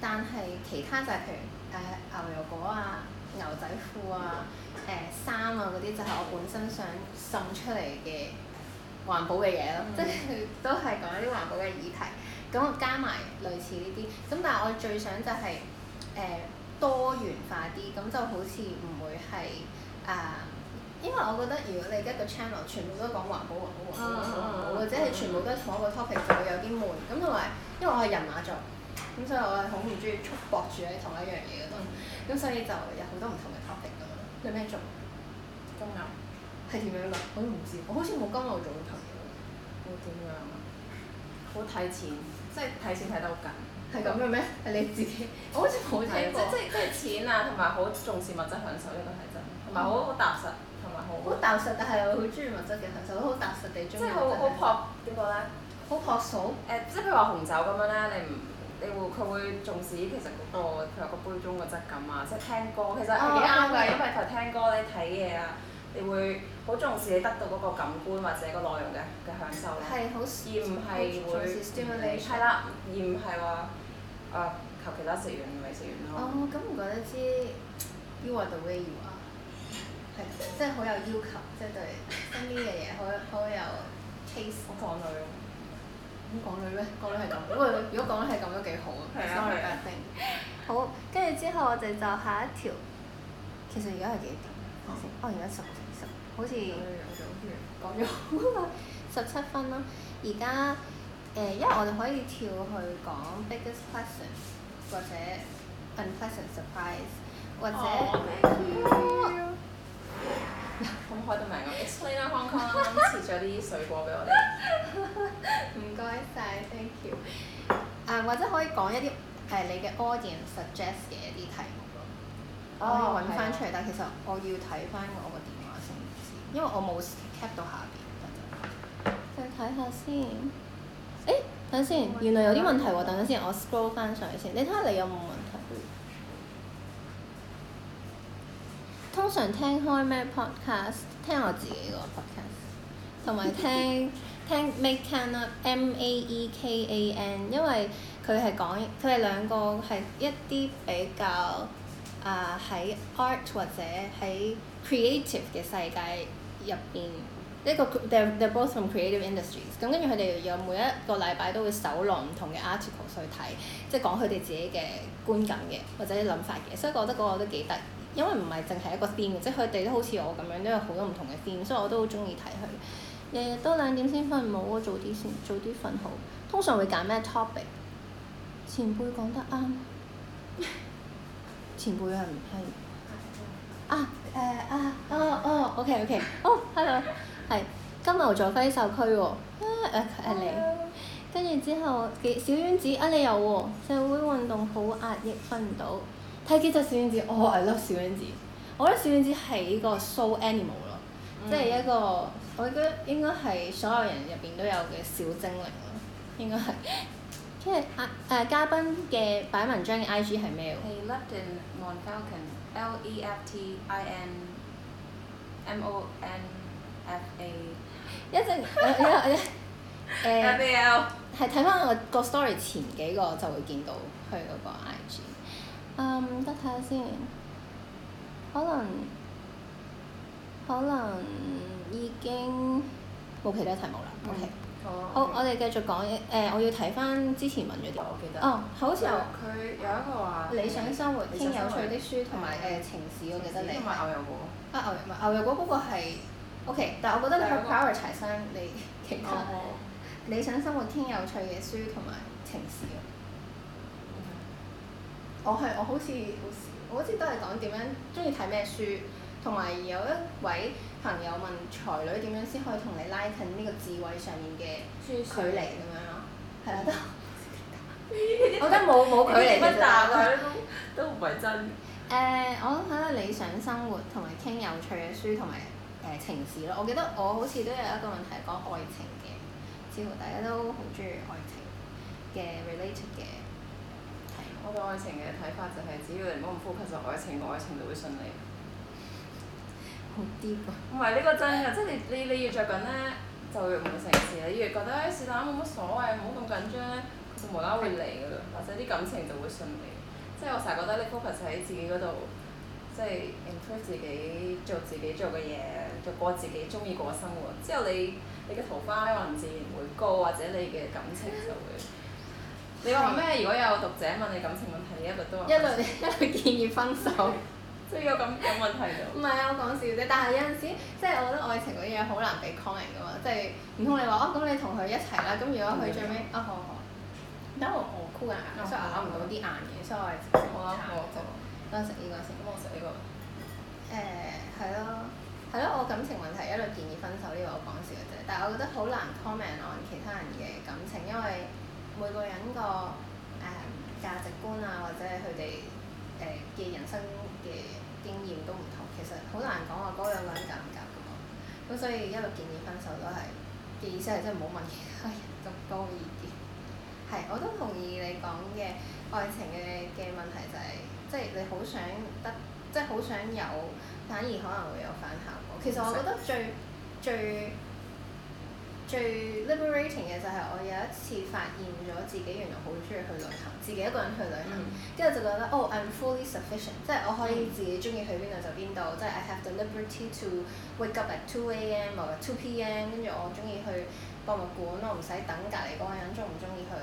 但係其他就係譬如誒、呃、牛油果啊、牛仔褲啊、誒、呃、衫啊嗰啲，就係我本身想滲出嚟嘅環保嘅嘢咯，即係、mm hmm. 都係講一啲環保嘅議題。咁我加埋類似呢啲，咁但係我最想就係、是、誒。呃多元化啲，咁就好似唔會係誒、呃，因為我覺得如果你一個 channel 全部都講環保、環保、環保、環保，或者係全部都係同一個 topic 就會有啲悶。咁同埋，因為我係人馬座，咁所以我係好唔中意束縛住喺同一樣嘢度。咁、嗯、所以就有好多唔同嘅 topic。你咩座？金牛。係點樣噶？我都唔知，我好似冇金牛座嘅朋友。點樣？好睇錢，即係睇錢睇得好緊。係咁嘅咩？係、嗯、你自己，我好似冇聽過。即即即係錢啊，同埋好重視物質享受呢個係真，同埋好好踏實，同埋好。好踏實，但係又好中意物質嘅享受，好踏實地中意物質嘅。點講咧？好樸素。誒、呃，即係譬如話紅酒咁樣咧，你唔你會佢會重視其實，嗰個佢個杯中個質感啊，即係聽歌其實係幾啱㗎，因為佢聽歌你睇嘢啊。嗯你會好重視你得到嗰個感官或者個內容嘅嘅享受咧，係好，而唔係會，係啦，而唔係話啊求其他食完咪食完咯。哦，咁唔怪得知。you are the way you are，係真係好有要求，即係對身邊嘅嘢，好好有 case。好港女。咁港女咩？港女係咁，如果港得係咁都幾好啊，sorry。好，跟住之後我哋就下一條。其實而家係幾點？啊先，哦而家十。好似我我仲講咗十七分啦，而家誒，因為我哋可以跳去講 biggest question 或者 unpleasant surprise 或者。咁開得埋我哋。啦，框框切咗啲水果俾我哋。唔該晒 thank you。誒，或者可以講一啲係你嘅 audience suggest 嘅一啲題目咯。哦。可以揾翻出嚟，但其實我要睇翻我。因為我冇 cap 到下邊、欸，等等。去睇下先。誒，等先，原來有啲問題喎。 等陣先，我 scroll 翻上去先。你睇下你有冇問題？通常聽開咩 podcast？聽我自己個 podcast，同埋聽 聽，聽 MAEKAN 啊，M-A-E-K-A-N，因為佢係講佢哋兩個係一啲比較啊喺、呃、art 或者喺。creative 嘅世界入邊，一個佢，they're, they're both from creative industries。咁跟住佢哋有每一個禮拜都會搜羅唔同嘅 article 去睇，即係講佢哋自己嘅觀感嘅，或者諗法嘅。所以我覺得嗰個都幾得意，因為唔係淨係一個編，即係佢哋都好似我咁樣，都有好多唔同嘅編。所以我都好中意睇佢。日日都兩點先瞓，冇啊早啲先，早啲瞓好。通常會揀咩 topic？前輩講得啱。 前輩係唔係啊？啊！哦哦，OK OK，哦，Hello，係金牛座揮秀區喎，啊你，跟住之後小，小丸子啊你有喎，社會運動好壓抑，瞓唔到，睇幾集小丸子，哦係咯，小丸子，我覺得小丸子係呢個 soul animal 咯，即係一個，我覺得應該係所有人入邊都有嘅小精靈咯，應該係，即係啊，誒嘉賓嘅擺文章嘅 IG 係咩？L E F T I N M O N F A N 一陣 呃，一，一，A B L 係睇翻我個 story 前幾個就會見到，佢嗰個 I G。嗯，得睇下先看看。可能可能已經冇其他題目啦。嗯、OK。Oh, okay. 好，我哋繼續講嘢。誒、呃，我要睇翻之前問咗啲，我記得。哦、oh，好似有佢有一個話理想生活，聽有趣的書，同埋誒情史，的我記得你。有牛油果。啊，牛油唔、okay, 牛油果，嗰個係 OK。但係我覺得你 prioritise 你其他理、oh, 的想生活，聽有趣嘅書同埋情史、嗯。我係我好似好似我好似都係講點樣中意睇咩書，同埋有，有一位。朋友問才女點樣先可以同你拉近呢個智慧上面嘅距離咁樣咯，係啊都。Uh, 我覺得冇冇距離嘅都唔係真。誒，我諗下理想生活同埋傾有趣嘅書同埋誒情事咯。我記得我好似都有一個問題講愛情嘅，似乎大家都好中意愛情嘅 related 嘅題。我對愛情嘅睇法就係，只要你唔好唔 focus 喺愛情，愛情就會順利。好唔係呢個真嘅，即係你你你越著緊咧，就越唔成事；你越覺得誒是但冇乜所謂，唔好咁緊張咧，就無啦會嚟嘅啦，的或者啲感情就會順利。即係我成日覺得你 focus 喺自己嗰度，即係 enjoy 自己做自己做嘅嘢，就過自己中意過嘅生活。之後你你嘅桃花可能自然會高，或者你嘅感情就會。的你話咩？如果有讀者問你感情問題，你一律都話。一律一律建議分手。Okay. 即係有咁有問題咯？唔係啊，我講笑啫。但係有陣時，即係我覺得愛情嗰啲嘢好難被 comment 噶嘛。即係唔通你話啊？咁你同佢一齊啦。咁如果佢最尾啊，好好，no no，箍緊牙，所以咬唔到啲硬嘢，所以我一我嗰、這個就單食呢個先。咁我食呢、這個誒係咯，係咯、呃。我感情問題一路建議分手呢、這個，我講笑嘅啫。但係我覺得好難 comment on 其他人嘅感情，因為每個人個誒、呃、價值觀啊，或者佢哋誒嘅人生。經驗都唔同，其實好難講話嗰兩個人夾唔夾噶嘛。咁所以一路建議分手都係嘅意思係真係唔好問其他人咁多意見。係，我都同意你講嘅愛情嘅嘅問題就係、是，即係你好想得，即係好想有，反而可能會有反效果。其實我覺得最 最，最最 liberating 嘅就係我有一次發現咗自己原來好中意去旅行，自己一個人去旅行，跟住就覺得哦，I'm fully sufficient，即係我可以自己中意去邊度就邊度，即係 I have the liberty to wake up at 2am 或者 2pm，跟住我中意去博物館咯，唔使等隔籬嗰個人中唔中意去。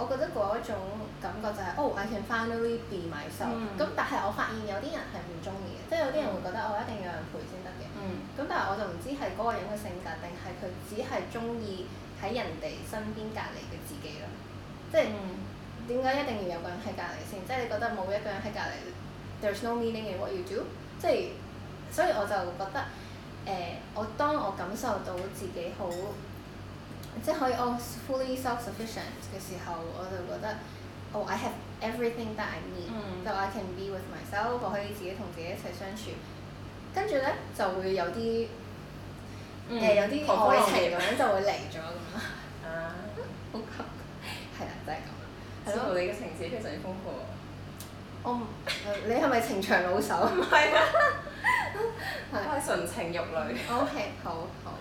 我覺得嗰一種感覺就係哦，I can finally be myself。咁，mm hmm. 但係我發現有啲人係唔中意嘅，即係有啲人會覺得我一定要有人陪先得嘅。咁，mm hmm. 但係我就唔知係嗰個人嘅性格，定係佢只係中意喺人哋身邊隔離嘅自己啦。即係點解一定要有個人喺隔離先？即係你覺得冇一個人喺隔離，there's no meaning in what you do。即係所以我就覺得誒，我當我感受到自己好。即係可以哦，fully self-sufficient 嘅時候，我就覺得，哦、oh，I have everything that I need，就、so、以 I can be with myself，我可以自己同自己一齊相處。跟住呢就會有啲誒、呃、有啲愛情咁樣就會嚟咗咁咯。啊 樣，okay，係啦，就係咁啦。小，你嘅情緒其實好豐富。我唔，你係咪情場老手？唔係 啊，我係純情玉女、 嗯 okay。好，好好。好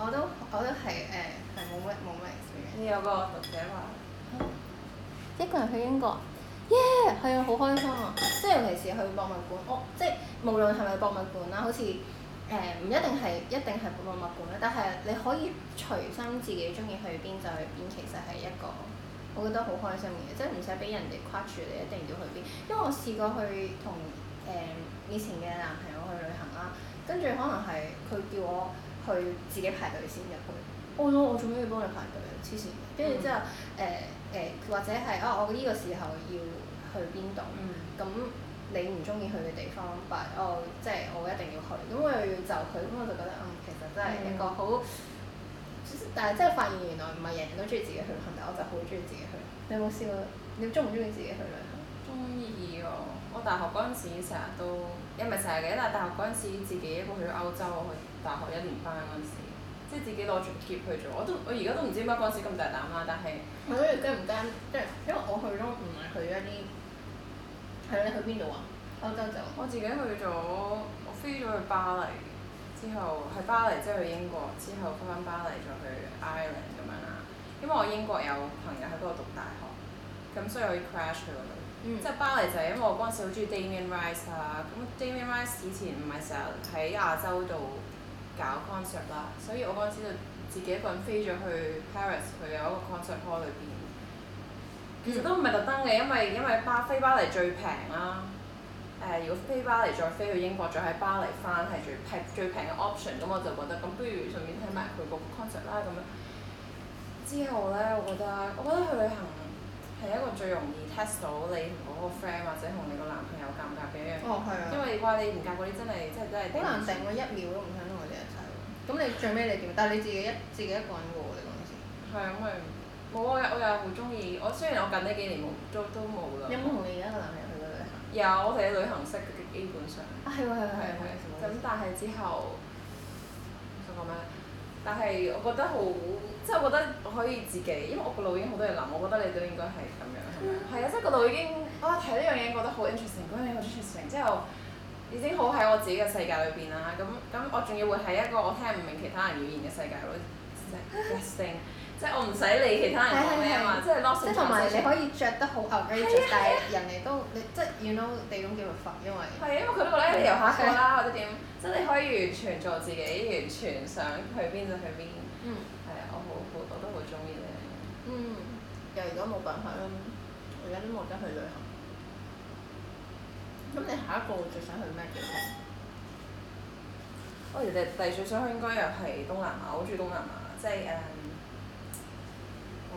我都我都係誒係冇咩冇咩事嘅。你有個讀者話：一個人去英國，耶、yeah!！係啊，好開心啊！即係尤其是去博物館，我、哦、即係無論係咪博物館啦，好似誒唔一定係一定係博物館啦，但係你可以隨心自己中意去邊就去邊，其實係一個我覺得好開心嘅嘢，即係唔使俾人哋框住你一定要去邊。因為我試過去同誒、呃、以前嘅男朋友去旅行啦，跟住可能係佢叫我。去自己排隊先入去。哦，oh yeah, 我做咩要幫你排隊啊？黐線！跟住之後，誒、呃、誒、呃，或者係啊、哦，我呢個時候要去邊度？咁、嗯、你唔中意去嘅地方，嗯、但哦，即係我一定要去。咁我就要就去。咁我就覺得，嗯，其實真係一個好，嗯、但係真係發現原來唔係人人都中意自己去旅行，但係我就好中意自己去。你有冇試過？你中唔中意自己去旅行？中意啊！我大學嗰陣時成日都，因唔係成日嘅，但係大學嗰陣時自己一個去咗歐洲大學一年班嗰陣時，即係自己攞住喼去做，我都我而家都唔知乜解嗰時咁大膽啦，但係，係咯、嗯，驚唔驚？即係因為我去都唔係去一啲，係咯，去邊度啊？歐洲就，我自己去咗，我飛咗去巴黎，之後喺巴黎即係、就係、去英國，之後翻巴黎再去 Ireland 咁樣啦。因為我英國有朋友喺嗰度讀大學，咁所以我要 crash 去嗰度。嗯、即係巴黎就係因為我嗰陣時好中意 Damien Rice 啊，咁 Damien Rice 以前唔係成日喺亞洲度，搞 concert 啦，所以我嗰陣時就自己一個人飛咗去 Paris 佢有一個 concert hall 裏邊，其實都唔係特登嘅，因為因為巴飛巴黎最平啦、啊。誒、呃，如果飛巴黎再飛去英國再喺巴黎翻，係最平最平嘅 option，咁我就覺得咁不如順便睇埋佢個 concert 啦。咁樣之後咧，我覺得我覺得去旅行係一個最容易 test 到你同嗰個 friend 或者同你個男朋友夾唔夾嘅一樣嘢。哦，係啊。因為哇，你唔夾嗰啲真係真係真係。好難頂喎，靜靜一秒都唔想。咁你最尾你點？但係你自己一自己一個人嘅喎，你講先。係啊，咪冇啊！我又我好中意。我雖然我近呢幾年冇都都冇啦。有冇同你而家個男朋友去過旅行？有，我哋喺旅行識基本上。啊，係喎、啊，係喎，係喎。係係。咁但係之後。想講咩？但係我覺得好，即係我覺得可以自己，因為我個腦已經好多嘢諗。我覺得你都應該係咁樣，係咪？嗯，係啊，啊，即係個腦已經啊睇呢樣嘢覺得好 interesting，嗰樣嘢好 interesting，之後。已經好喺我自己嘅世界裏邊啦，咁咁我仲要會喺一個我聽唔明其他人語言嘅世界咯，thing, 即係我唔使理其他人講咩， 即係攞成同埋你可以着得好 outrageous 但係人哋都你即係 you know 你咁叫佢法，因為係因為佢都覺得 你遊下水啦，或者點， 即係你可以完全做自己，完全想去邊就去邊。嗯。係啊、嗯，我好好，我都好鍾意你。嗯。又如果冇辦法啦，而家都冇得去旅行。咁你下一個最想去咩地方？我哋第第最想去應該又係東南亞，好中意東南亞，即係誒誒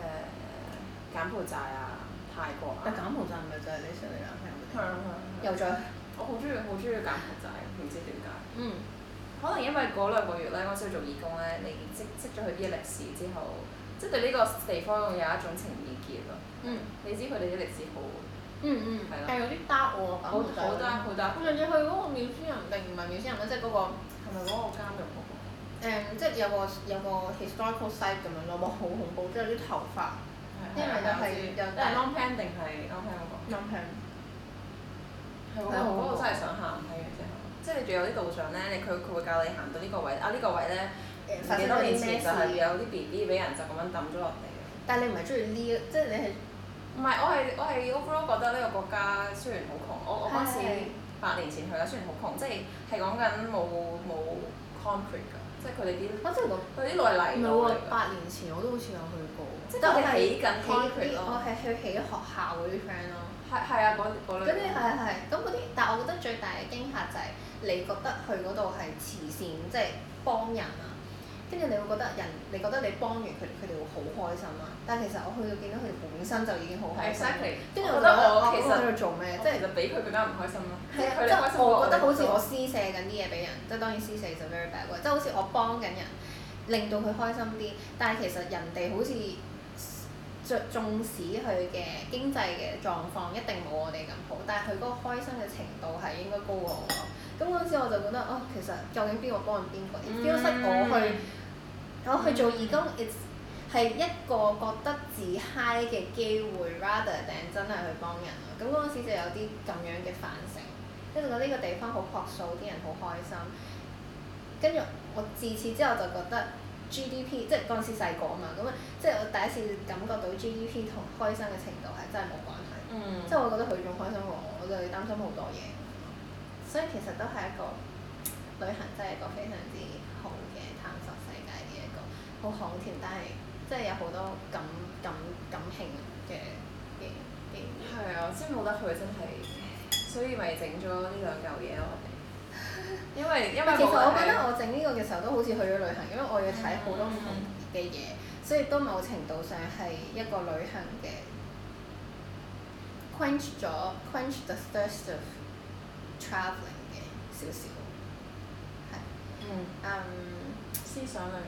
柬埔寨啊、泰國啊。啊柬埔寨咪就係啲殖民地嚟嘅咩？係啊係啊又再。啊啊、我好中意好中意柬埔寨，唔 知點解，嗯、可能因為嗰兩個月呢，我先去做義工呢，你識識咗佢啲歷史之後，即係對呢個地方有一種情意結咯。嗯、你知佢哋啲歷史好。嗯嗯，係啦，但有啲得喎，好抵。好抵，佢上次去嗰個廟村人，定唔係廟村人，即係嗰個係咪嗰個監獄嗰個？即係有個有個 historical site 咁樣咯，冇好恐怖，即係啲頭髮，因為就係有 Phnom Penh 定係 Phnom Penh 嗰個？Phnom Penh。係好恐怖。係好恐怖。真係想行，唔睇嘅真係。即係你仲有啲導賞咧，你佢佢會教你行到呢個位啊！呢個位咧，幾多年前就係有啲 bb 畀人就咁樣抌咗落地。但係你唔係中意呢？即係你係。唔係，我係我係我 overall 覺得呢個國家雖然好窮，我我嗰時八年前去啦，雖然好窮，即係係講緊冇冇 concrete 㗎，即係佢哋啲。我知佢佢啲內泥嚟。八年前我都好似有去過。即係佢起緊 concrete 咯。我係去起學校嗰啲 friend 咯。係係啊，嗰咁你係係咁嗰啲，但我覺得最大嘅驚嚇就係你覺得佢嗰度係慈善，即係幫人啊。跟住你會覺得人，你覺得你幫完佢，佢哋會好開心啊！但係其實我去到見到佢哋本身就已經好開心，跟住錯我，我覺得我其實喺度、啊、做咩？即係就俾佢更加唔開心咯。係啊，即係我覺得好似我施捨緊啲嘢俾人，即係、嗯、當然施捨就 very bad。即係好似我幫緊人，令到佢開心啲，但係其實人哋好似著縱使佢嘅經濟嘅狀況一定冇我哋咁好，但係佢嗰個開心嘅程度係應該高過我。咁嗰陣時我就覺得，哦、啊，其實究竟邊個幫緊邊個？如果識我去。我、oh, mm hmm. 去做義工 it 係一個覺得自 high 嘅機會，rather than 真係去幫人。咁嗰陣時就有啲咁樣嘅反省，因為覺得呢個地方好樸素，啲人好開心。跟住我自此之後就覺得 GDP，即係嗰陣時細個啊嘛，咁即係我第一次感覺到 GDP 同開心嘅程度係真係冇關係。Mm hmm. 即係我覺得佢仲開心過我，我就要擔心好多嘢。所以其實都係一個旅行，真係一個非常之。好巷田，但係即係有好多感感感興嘅嘅嘅。係啊，真冇得去真係，所以咪整咗呢兩嚿嘢咯，我 哋。 因為因為其實我覺得我整呢個嘅時候都好似去咗旅行，因為我要睇好多唔同嘅嘢， 所以都某程度上係一個旅行嘅。 Quench 咗，quench the thirst of travelling 嘅少少。係。嗯。 嗯是，思想上。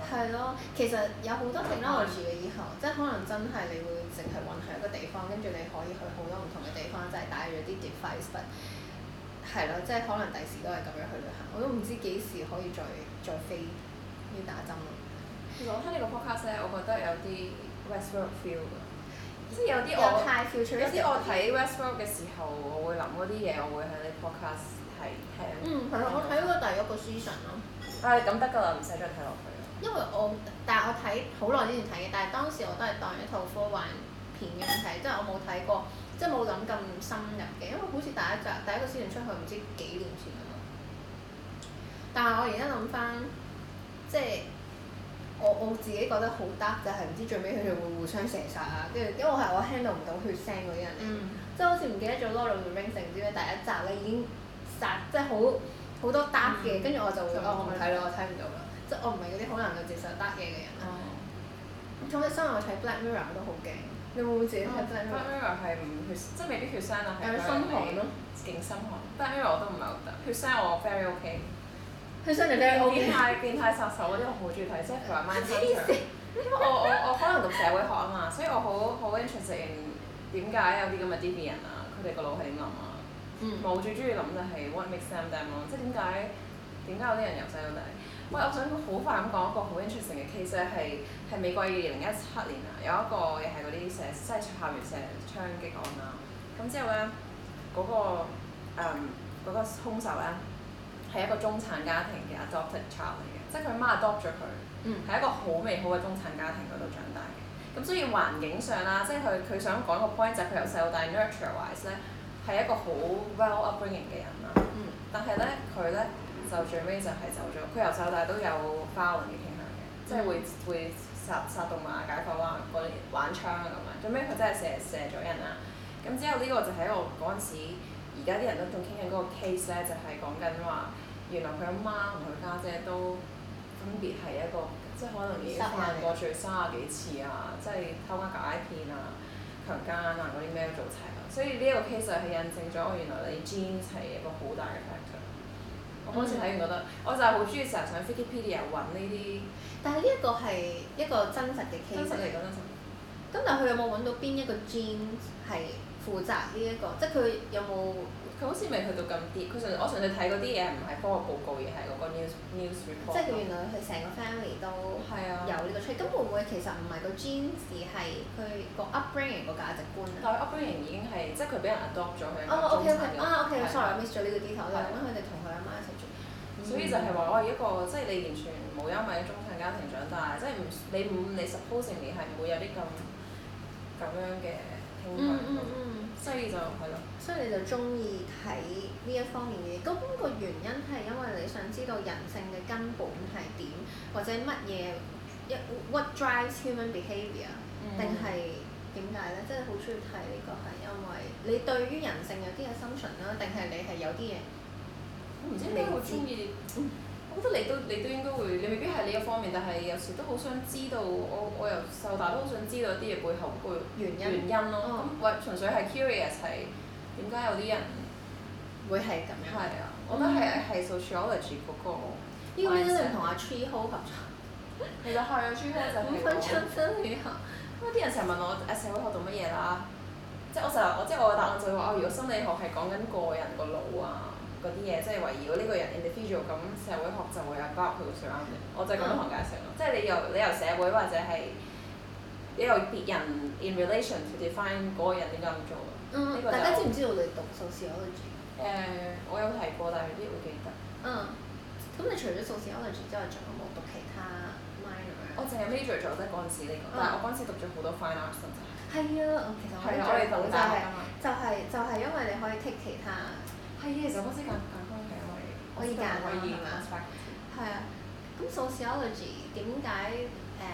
係咯、嗯，其實有好多 technology 嘅以後，即係的、嗯、可能真係你會淨係運喺一個地方，跟住你可以去好多唔同嘅地方，就係帶住啲 device。But 係咯，即係可能第時都係咁樣去旅行。我都唔知幾時可以再再飛要打針咯。其實我翻呢個 podcast 咧，我覺得有啲 Westworld feel。即係有啲我，太你知我睇 Westworld 嘅時候，我會諗嗰啲嘢，我會喺你 podcast 係聽。嗯，係啊，我睇過第一個 season 咯。唉，咁得㗎啦，唔使再睇落。因為我，但係我睇好耐之前睇嘅，但係當時我都係當一套科幻片咁睇，即係我冇睇過，即係冇諗咁深入嘅，因為好似第一集第一個先人出去，唔知幾年前啦。但係我而家諗翻，即係我我自己覺得好 dark 就係唔知最尾佢哋會互相射殺啊，跟住因為係我，我 handle 唔到血腥嗰啲人嚟，嗯、即係好似唔記得咗《Lawrence and Ring》成支第一集咧已經殺，即係好好多 dark 嘅，跟住、嗯、我就會，嗯、哦，我唔睇咯，我睇唔到。即係我唔係嗰啲好能夠接受得嘢嘅人啦。同、嗯啊、你相我睇《Black Mirror》我都好驚。你會唔會自己睇《Black Mirror》？《Black Mirror》係唔血腥，即係未必血腥啊。係心寒咯，勁心寒。《Black Mirror》我都唔係好得。血腥我 very ok。血腥人哋 very ok。變態變態殺手嗰啲我好中意睇，即係譬如話《Mindhunter》。我我我可能讀社會學啊嘛，所以我好好 interesting 點解有啲咁嘅 deviant 啲人啊，佢哋個腦係點諗啊？我最中意諗就係 what makes them that way，即係點解點解有啲人由細到大。喂，我想好快咁講一個好 interesting 嘅 case 咧，係係美國二零一七年啊，有一個又係嗰啲成即係校園槍擊案啦。咁之後咧，嗰、嗰個誒嗰、嗯嗰個、兇手咧係一個中產家庭嘅 adopted child 嚟嘅，即係佢媽 adopt 咗佢，係一個好美好嘅中產家庭嗰度長大。咁所以環境上啦，即係佢佢想講個 point 就係佢由細到大 nurture wise 咧係一個好 well upbringing 嘅人啦。嗯。但係咧佢咧。最就最尾就係走咗，佢由細到大都有花紋嘅傾向嘅，嗯、即係會會殺殺動物啊、解剖啊、玩玩槍啊咁樣。最尾佢真係射射咗人啊！咁之後呢個就喺我嗰陣時，而家啲人都仲傾緊個 case 咧，就係講緊話原來佢阿媽同佢家姐都分別係一個，即係可能已經犯過罪卅啊幾次啊，即係偷翻雞、拐騙啊、強奸啊嗰啲咩都做齊啦，所以呢一個 case 就係印證咗原來你 genes 係一個好大嘅。嗰時睇完覺得，我就係好中意成日上 Wikipedia 揾呢啲。但係呢一個係一個真實嘅 case。嚟講，真實。咁但係佢有冇揾到邊一個 gene 係負責呢、這、一個？即係佢有冇？佢好似未去到咁啲，佢上我上次睇嗰啲嘢唔係科學報告，而係嗰個 news, news report。即係佢原來佢成個 family 都有呢個出，咁對會唔會其實唔係個 genes 係佢個 upbringing 個價值觀？佢 upbringing 已經係即係佢俾人 adopt 咗佢，一個中產嘅。啊 OK，sorry，miss、okay, 咗呢個 detail。咁佢哋同佢阿媽一齊住。對嗯、所以就係話我係一個即係你完全冇因為中產家庭長大，即係唔你唔你 supposing 你係唔會有啲咁咁樣嘅。嗯嗯嗯，嗯嗯所以就係咯，所以你就中意睇呢一方面嘅，嘢、嗯。咁個原因係因為你想知道人性嘅根本係點，或者乜嘢一 What drives human behavior 定係點、嗯、解咧？即係好中意睇呢、就是、個係因為你對於人性有啲嘅 assumption 啦，定係你係有啲嘢？我唔知你會中意。我覺得你都你都應該會，你未必係呢個方面，但係有時都好想知道，我我由細到大都好想知道啲嘢背後個原因原因咯。咁、oh. 純粹係 curious 係點解有啲人會係咁樣？係啊，我覺得係係 sociology 嗰、那個。呢個真係同阿 tree hole 合作。其實係啊，tree hole 就係、那個、五分鐘心理學。咁 啲人成日問我誒社會學做乜嘢啦？即係我成日我即係我嘅答案就係話，哦，如果心理學係講緊個人個腦啊。嗰啲嘢即係圍繞呢個人 individual，咁社會學就會有包入去嘅，最我就係講咗唐介石咯，嗯、即係你由你由社會或者係你由別人 in relation to define 嗰個人點解咁做咯、這個嗯。大家知唔知道你讀 sociology 嗰陣？誒，我有提過，但係未必會記得。咁、嗯、你除咗 sociology 之外，仲有冇讀其他 minor？我淨係 major 咗，即嗰陣時嚟講，但係我嗰陣時讀咗好多 fine arts。係啊，我其實好在就係、是、就係、是、就係、是就是就是、因為你可以 take 其他。係啊，其實我識揀揀科嘅，因為我真係可以啊，係啊。咁 sociology 點解誒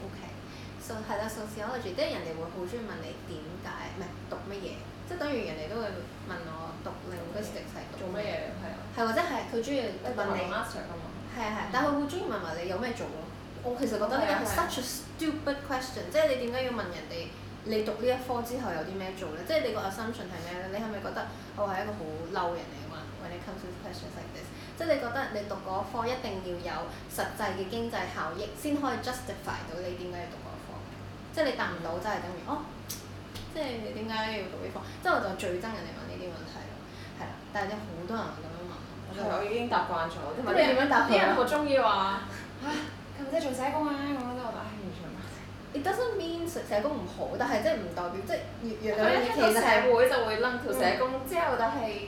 ？O K，so 係啦，sociology 即係人哋會好中意問你點解，唔係讀乜嘢，即係等於人哋都會問我讀 linguistics 係做乜嘢，係啊，係或者係佢中意問你 master 啊嘛，係啊係，但係佢會中意問埋你有咩做咯。我其實覺得呢個係 such a stupid question，即係你點解要問人哋？你讀呢一科之後有啲咩做咧？即係你個 assumption 係咩咧？你係咪覺得我係、哦、一個好嬲人嚟嘛？Why you come to questions like this？即係你覺得你讀嗰科一,一定要有實際嘅經濟效益，先可以 justify 到你點解要讀嗰科？即係你答唔到，真係等於哦，即你點解要讀呢科？即係我就最憎人哋問呢啲問題咯，係啦。但係有好多人咁樣問，係、嗯、我已經答慣咗。你點樣答？啲人好中意話嚇，咁即係做社工啊！我覺 It doesn't mean 社工唔好，但係即係唔代表即係越越容易。其實社會就會擸條社工之後，但係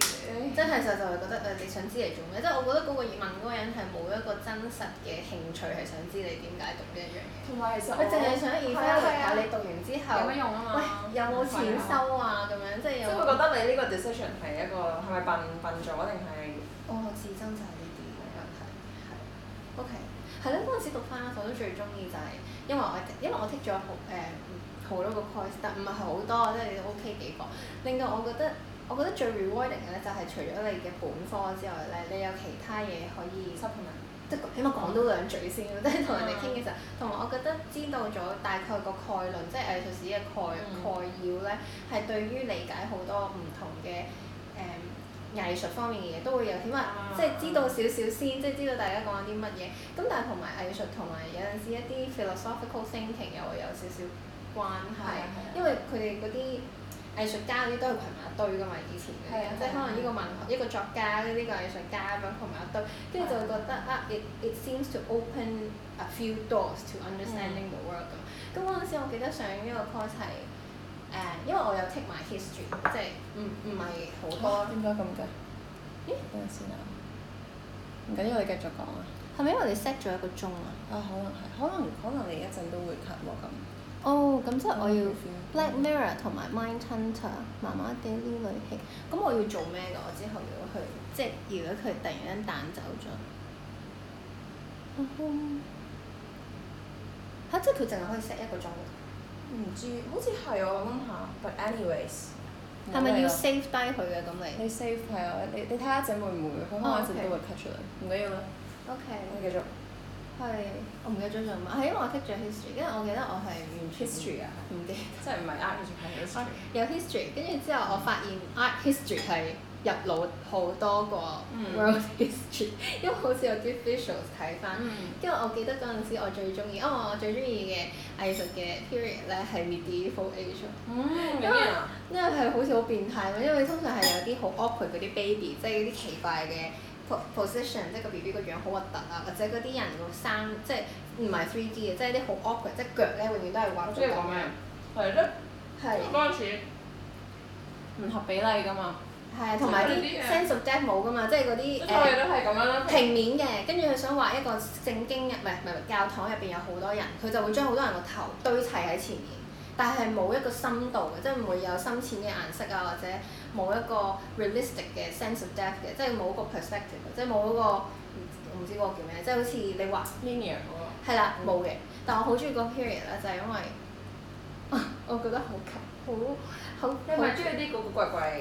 真係就就係覺得你想知嚟做咩？即係 我覺得嗰個問嗰個人係冇一個真實嘅興趣，係想知你點解讀呢一樣嘢。同埋其實我淨係想啊！你讀完之後有乜用啊嘛？喂，有冇錢收啊？咁、啊、樣即係、就是、有。即係會覺得你呢個 decision 係一個係咪笨笨咗定係？我、哦、自身就係呢啲問題，係 OK。係咯，嗰陣時讀翻我都最中意就係、是，因為我因為我剔咗好誒好、呃、多個 course，但唔係好多，即係 O K 幾個，令到我覺得我覺得最 rewarding 嘅咧就係除咗你嘅本科之外咧，你有其他嘢可以 support，、嗯、即係起碼講多兩嘴先，即係同人哋傾嘅時候，同埋我覺得知道咗大概個概論，即係藝術史嘅概、嗯、概要咧，係對於理解好多唔同嘅藝術方面嘅嘢都會有，點啊，即係知道少少先，即係知道大家講緊啲乜嘢。咁但係同埋藝術同埋有陣時一啲 philosophical thinking 又會有少少關係，因為佢哋嗰啲藝術家嗰啲都係羣埋一堆噶嘛，以前，即係可能呢個文學、呢個作家、呢個藝術家都羣埋一堆，跟住就會覺得啊，it it seems to open a few doors to understanding the world。咁嗰陣時我記得上呢個 course 係。誒，uh, 因為我有 take my history，即係唔唔係好多。點解咁嘅？咦、嗯？等陣先啊！唔緊要，我哋繼續講啊。係咪因為你 set 咗一個鐘啊？啊，可能係，可能可能你一陣都會卡喎咁。哦，咁、oh, 即係我要 Black Mirror 同埋 Mindhunter 麻麻地呢類型。咁、 嗯、我要做咩㗎？我之後如果去，即係如果佢突然間彈走咗。哦、 啊。即係佢淨係可以 set 一個鐘。唔知，好似係、哦、我諗下，but anyways，係咪要 save 低佢啊？咁嚟你，你 save 係啊？你你睇下姐妹唔會，好可能有時都會 cut 出嚟，唔緊、啊 okay. 要啦。O K。我繼續。係，我唔記得咗做乜，係因為我 tick 咗 history，因為我記得我係唔 history 啊，唔啲，即係唔係 art history 係有 history，跟住之後我發現 art history 係。入腦好多個 world history，因為好似有啲 visuals 睇翻，因為我記得嗰陣時我最中意哦，我最中意嘅藝術嘅 period 咧係 medieval age，嗯、因為因為係好似好變態咯，因為通常係有啲好 awkward 嗰啲 baby，即係啲奇怪嘅 position，即係個 B B 個樣好核突啊，或者嗰啲人個生即係唔係 three D 嘅，即係啲好 awkward，即係腳咧永遠都係彎咗嘅，係咯，嗰陣時唔合比例㗎嘛。係啊，同埋啲 sense of depth 冇噶嘛，即係嗰啲誒平面嘅。跟住佢想畫一個聖經入，唔係唔係教堂入邊有好多人，佢就會將好多人個頭堆砌喺前面，但係冇一個深度嘅，即係唔會有深淺嘅顏色啊，或者冇一個 realistic 嘅 sense of depth 嘅，即係冇個 perspective，即係冇嗰個唔唔知嗰個叫咩，即係好似你畫 linear 嗰個。係啦，冇嘅。但我好中意個 period 咧，就係因為 我覺得好吸，好好。你唔係中意啲古古怪怪？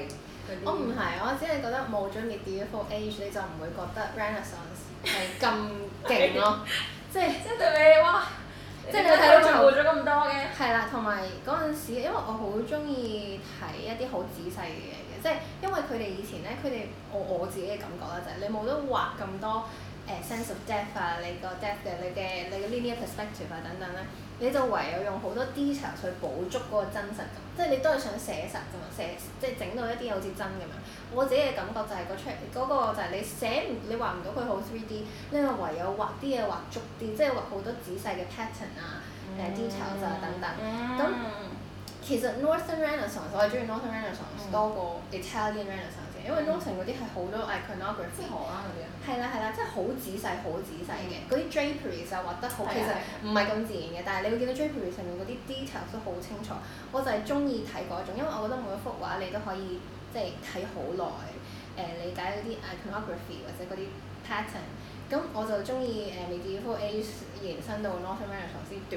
我唔係，我只係覺得冇咗 Medieval Age，你就唔會覺得 Renaissance 係咁勁咯，即係即係對比，哇！即係你睇到做咗咁多嘅。係啦，同埋嗰陣時，因為我好中意睇一啲好仔細嘅嘢嘅，即係因為佢哋以前咧，佢哋我我自己嘅感覺咧就係你冇得畫咁多誒、uh, sense of depth 啊，你個 depth 啊，你嘅你嘅 linear perspective 啊等等咧。你就唯有用好多 detail 去補足個真實感，即係你都係想寫實㗎嘛，寫，即係整到一啲好似真咁樣。我自己嘅感覺就係、嗰個出嗰、嗰個就係你寫唔你畫唔到佢好 three D，你個唯有畫啲嘢畫足啲，即係畫好多仔細嘅 pattern、嗯、啊，誒 detail 就、啊、係等等。咁、嗯、其實 Northern Renaissance 我係中意 Northern Renaissance、嗯、多過 Italian Renaissance。因為 Northern 嗰啲係好多 iconography 啊嗰啲、就是，係啦係啦，真係好仔細好仔細嘅，嗰啲、嗯、draperies 就畫得好，的其實唔係咁自然嘅，但係你會見到 draperies 上面嗰啲 detail 都好清楚。我就係中意睇嗰種，因為我覺得每一幅畫你都可以即係睇好耐，誒、就、理、是、解嗰啲、呃、iconography 或者嗰啲 pattern。咁我就中意誒，medieval age 延伸到 Northern Renaissance 之段。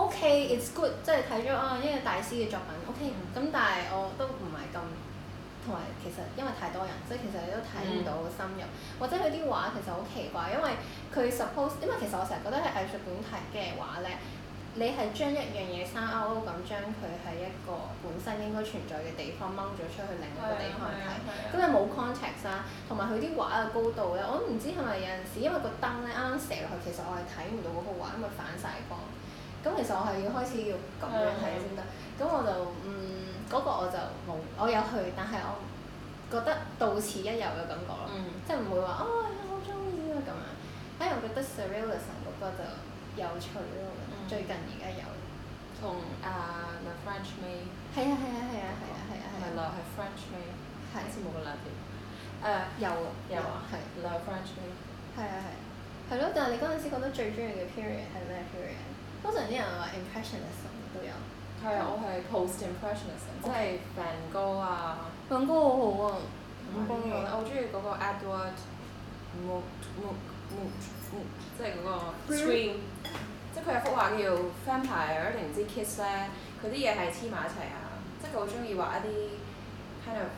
O K，okay, it's good，即係睇咗啊，一個大師嘅作品 O K，咁但係我都唔係咁同埋，其實因為太多人，即係其實你都睇唔到深入。嗯、或者佢啲畫其實好奇怪，因為佢 suppose，因為其實我成日覺得係藝術館睇嘅畫咧，你係將一樣嘢生勾勾咁將佢喺一個本身應該存在嘅地方掹咗出去另一個地方睇，咁你冇 context 啦。同埋佢啲畫嘅高度咧，我都唔知係咪有陣時，因為個燈咧啱啱射落去，其實我係睇唔到嗰個畫，因為反晒光。咁、嗯、其實我係要開始要咁樣睇先得，咁我就嗯嗰、那個我就冇，我有去，但係我覺得到此一遊嘅感覺咯，即係唔會話哦好中意啊咁樣，哎我覺得《Surrealism》嗰、那個就有趣咯，嗯、最近而家有，同啊 The Frenchman。係啊係啊係啊係啊係啊係啊。係咯，係 Frenchman。以前冇㗎啦啲。誒又又啊，係 The Frenchman。係啊係，係咯，但係你嗰陣時覺得最中意嘅 period 係咩 period？通常啲人話 impressionist 都有，係啊，我係 Post impressionist Okay .語即係梵高啊。梵高好好啊，我好中意嗰個 Edward，Munch Munch Munch Munch，即係嗰個 Scream，即係佢有幅畫叫《Vampire》啊，或者唔知《Kiss》呢，佢啲嘢係黐埋一齊啊，即係佢好中意畫一啲 kind of，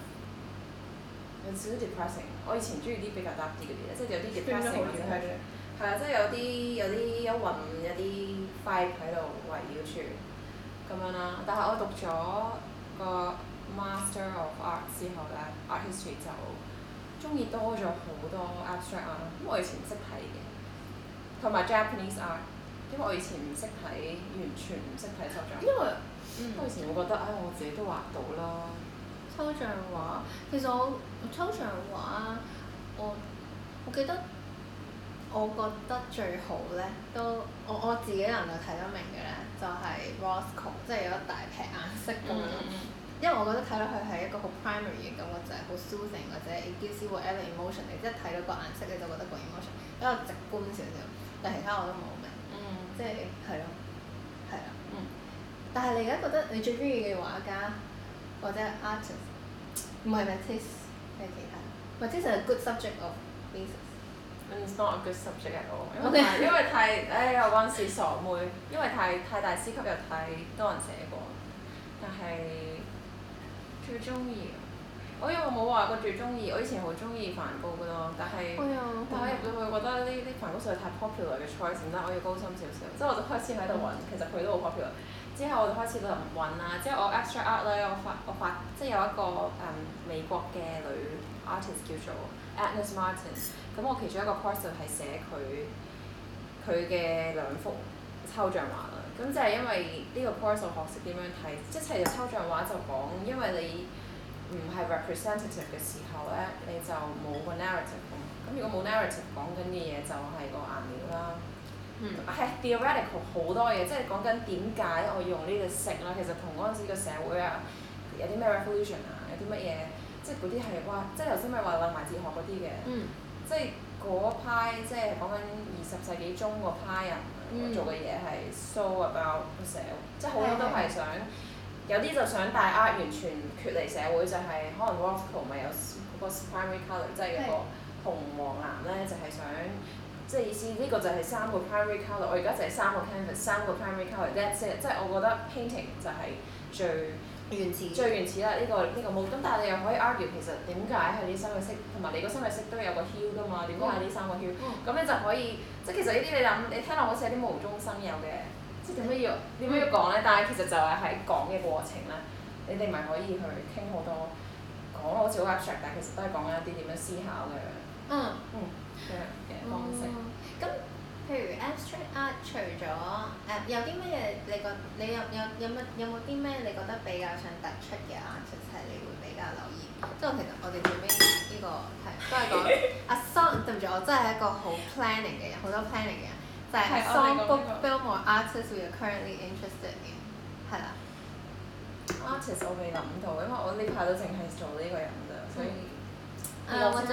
有少少 depressing。我以前中意啲比較 dark 啲嘅嘢，即係有啲 depressing 係啊，即係有啲有啲有雲有啲 file 喺度圍繞住咁樣啦，啊。但係我讀咗個 master of art 之後咧，art history 就中意多咗好多 abstract art。咁我以前唔識睇嘅，同埋 Japanese art，因為我以前唔識睇，完全唔識睇抽象。因為，我、嗯、因為我以前會覺得誒、哎，我自己都畫到啦。抽象畫其實我抽象畫，我我記得。我覺得最好咧，都我我自己能夠睇得明嘅咧，就係 Rosco，即係有一大撇顏色咁樣。Mm hmm. 因為我覺得睇落去係一個好 primary 嘅感覺，就係好 soothing 或者 excite、so、you e v e y emotion。你即一睇到個顏色，你就覺得個 emotion 比較直觀少少。但其他我都冇明。Mm hmm. 即係係咯，係啊，mm hmm. 但係你而家覺得你最中意嘅畫家或者 artist，唔係 m a t i s 定 e 其他。Matisse 係 is good subject of art。It's not a good subject at good a all，因為，Okay. 因為太，唉、哎，我嗰陣時傻妹，因為太太大師級又太多人寫過，但係最中意，哎，我因為冇話過最中意，我以前好中意梵高噶咯，但係，哎、呀但係我入到去覺得呢啲梵高實在太 popular 嘅 choice，唔得，我要高深少少，之後我就開始喺度揾，嗯、其實佢都好 popular。之後我就開始到人啦，即係我 extra art 咧，我發我發即係有一個誒、嗯、美國嘅女 artist 叫做 Agnes Martin，咁我其中一個 course 就係寫佢佢嘅兩幅抽象畫啦，咁就係因為呢個 course 我學識點樣睇，即係抽象畫就講因為你唔係 representative 嘅時候咧，你就冇個 narrative 嘅，咁如果冇 narrative 講緊嘅嘢就係個顏料啦。係、mm.，theoretical 好多嘢，即係講緊點解我用呢個色啦，其實同嗰陣時個社會啊，有啲咩 revolution 啊，有啲乜嘢，即係嗰啲係哇，即係頭先咪話問埋哲學嗰啲嘅，即係嗰派，即係講緊二十世紀中個派人、mm. 做嘅嘢係 so about the 社會，即係好多都係想，Okay. 有啲就想大額完全脱離社會，就係可能 Wolff 同埋有嗰個 primary color 即係嗰個紅、mm. 黃,黃藍咧，就係想。即係意思呢、這個就係三個 primary color 我而家就係三個 canvas 三個 primary color 即即係，我覺得 painting 就係最,始最原始、最原始啦。呢、這個呢個冇。咁但係你又可以 argue 其實點解係呢三個色，同埋你個三色色都有個 hue 噶嘛？點解係呢三個 hue？咁咧就可以，即係其實呢啲你諗，你聽落好似係啲無中生有嘅，即係點解要點解要講咧？嗯、但係其實就係喺講嘅過程咧，你哋咪可以去傾好多。講落好似好 abstract，但其實都係講緊一啲點樣思考嘅。嗯。嗯。嘅方式，咁、嗯、譬如 abstract art 除咗誒、呃、有啲咩嘢，你覺你有有有冇有冇啲咩你覺得比較想突出嘅 artist，即係你會比較留意？即係、嗯、 我其實我哋最尾呢、這個題都係講啊，song 對唔住我真係一個好 planning 嘅人，好多 planning 嘅人就係、是、song book film or artist you're currently interested in，係啦。啊、artist 我未諗到，因為我呢排都淨係做呢個人咋，嗯、所以啊或者。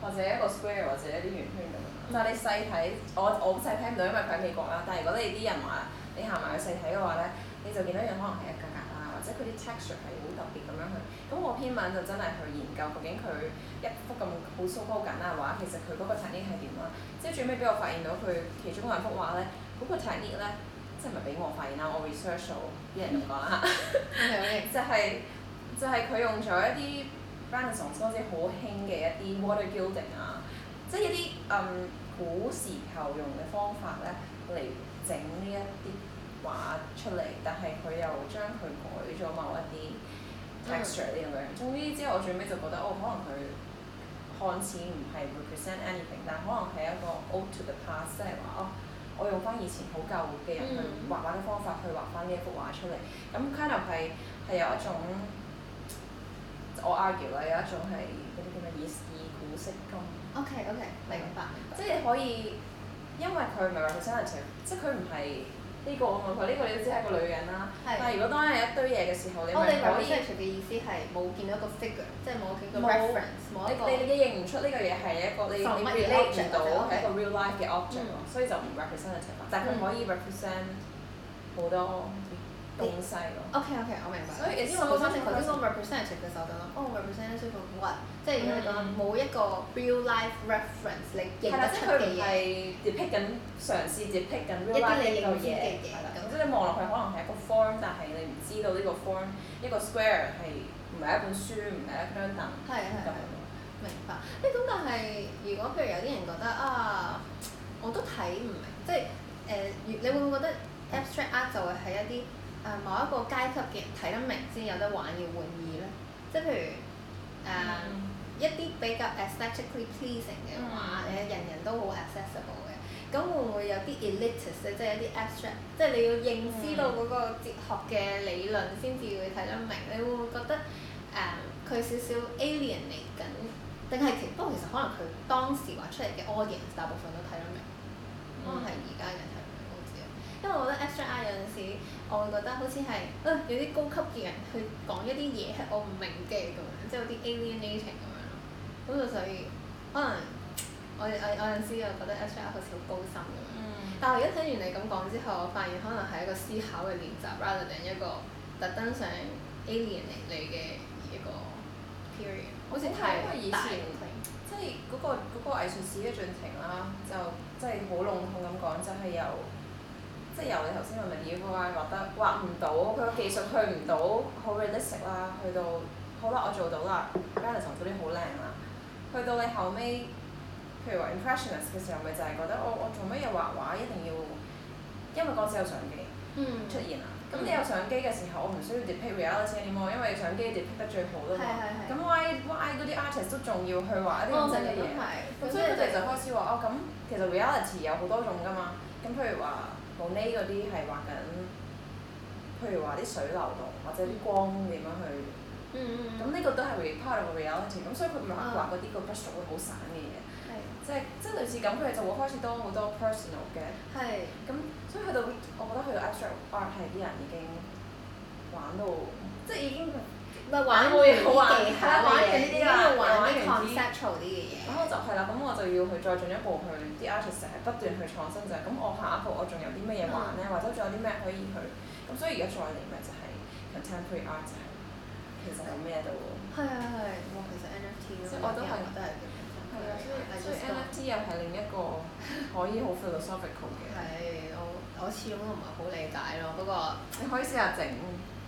或者一個 square，或者一啲圓圈咁樣。但係你細睇，我我即係聽唔到，因為佢喺美國啦。但係如果你啲人話你行埋去細睇嘅話咧，你就見到一樣可能係一格格啦，或者佢啲 texture 係好特別咁樣去。咁我篇文就真係去研究，究竟佢一幅咁好 so 簡單嘅畫，其實佢嗰個 technique 係點啦？即係最尾俾我發現到佢其中嗰兩幅畫咧，嗰、那個 technique 咧，即係唔係俾我發現啦？我 research 咗，啲人咁講啦。就係、是、就係佢用咗一啲。關於上次嗰次好似好興嘅一啲 water gilding 啊，即係一啲嗯、um，古時候用嘅方法咧嚟整呢一啲畫出嚟，但係佢又將佢改咗某一啲 texture 呢咁樣、嗯。總之之後我最尾就覺得哦，可能佢看似唔係 represent anything，但可能係一個 old to the past，即係話哦，我用翻以前好舊嘅人去畫畫嘅方法去畫翻呢一幅畫出嚟。咁 kind of 係係有一種。我 argue 啦，有一種係嗰啲叫咩以以古釋今。OK OK，明白。明白明白即係可以，因為佢唔係 represent，即係佢唔係呢個問題，佢呢個你都知係一個女人啦。的但係如果當係一堆嘢嘅時候，哦、你咪可以。我哋話 represent 嘅意思係冇見到一個 figure，即係冇見到 reference 你你你認唔出呢個嘢係一個你你 relate 唔到係一個 real life 嘅 object okay. 所以就唔 represent 得、嗯。但係佢可以 represent，好多。定勢咯。O K O K，我明白。所以，因為我覺得，因為我 representation 嘅時候，我就諗，哦 representation 嗰個乜即係如果你講冇一個 real life reference 你認得出嘅嘢。係啦，即係佢唔係 depict 緊，嘗試 depict 緊一啲你認知嘅嘢。係啦，咁即係望落去，可能係一個 form，但係你唔知道呢個 form，呢個 square 係唔係一本書，唔係一張凳。係係係。明白。誒，咁但係，如果譬如有啲人覺得啊，我都睇唔明，即係誒，你會唔會覺得 abstract art 就會係一啲？誒某一個階級嘅人睇得明先有得玩嘅玩意咧，即譬如誒、mm. 呃、一啲比較 aesthetically pleasing 嘅話咧，mm. 人人都好 accessible 嘅，咁會唔會有啲 elitist、mm. 即係一啲 abstract，即係你要認知到嗰個哲學嘅理論先至會睇得明。Mm. 你會唔會覺得誒佢、呃、少少 alien 嚟緊？定係其不過其實可能佢當時話出嚟嘅 audience 大部分都睇得明，可能係而家嘅。因為我覺得 abstract art 有陣時，我會覺得好似係啊有啲高級嘅人去講一啲嘢係我唔明嘅咁樣，即係有啲 alienating 咁樣咯。咁就所以可能我我有我有陣時又覺得 abstract art 好似好高深咁樣。嗯。但係而家聽完你咁講之後，我發現可能係一個思考嘅練習，rather than 一個特登想 alienate 你嘅一個 period。好似太大，因為以前即係嗰個嗰個藝術史嘅進程啦，就即係好籠統咁講，就係由。即係由你頭先話咪點啊，覺得畫唔到，佢個技術去唔到，好 realistic 啦。去到好啦，我做到啦，realism 好靚啦。去到你後尾，譬如話 impressionist 嘅時候，咪就係、是、覺得我我做咩要畫畫一定要？因為嗰陣時有相機出現啦。咁、嗯、你有相機嘅時候，我唔需要 depict reality anymore，因為相機 depict 得最好啦嘛。咁 why why 嗰啲 artists 都仲要去畫一啲真嘅嘢，所以佢哋就開始話哦，咁其實 reality 有好多種㗎嘛。咁譬如話。冇呢嗰啲係畫緊，譬如話啲水流動或者啲光點樣去，咁呢、嗯嗯、個都係會 part of reality、嗯。咁所以佢唔係話畫畫嗰啲佢 brush 會好散嘅嘢，即係即係類似咁，佢哋、嗯、就會開始多好多 personal 嘅。咁、嗯、所以去到我覺得去到 abstract art 係啲人已經玩到、嗯、即係已經。咪玩好啲幾下玩嗰啲嘅嘢，玩啲 conceptual 啲嘅嘢。咁我就係啦，咁我就要去再進一步去啲 artist 係不斷去創新就係咁。我下一步我仲有啲乜嘢玩咧？或者仲有啲咩可以去？咁所以而家再嚟咪就係 contemporary art 就係其實係咩嘅喎？係啊係，冇其實 NFT 嗰啲嘢都係都係咁樣。係啊，所以所以 NFT 又係另一個可以好 philosophical 嘅。係，我我始終都唔係好理解咯，不過你可以試下整。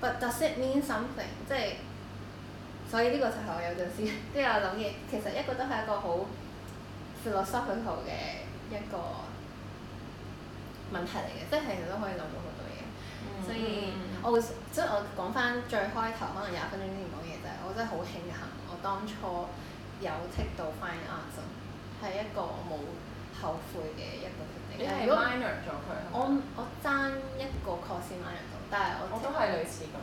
But does it mean something？即係所以呢個時候有陣時都有諗嘢。 其實一個都係一個好 philosophical 嘅一個問題嚟嘅。即係其實都可以諗到好多嘢 mm。所以，我會，即係我講翻最開頭可能廿分鐘之前講嘅嘢就係、是、我真係好慶幸我當初有 take 到 Fine Arts，係一個我冇後悔嘅一個。你係 m 我我爭一個 course m i n o 但係我我都係類似咁。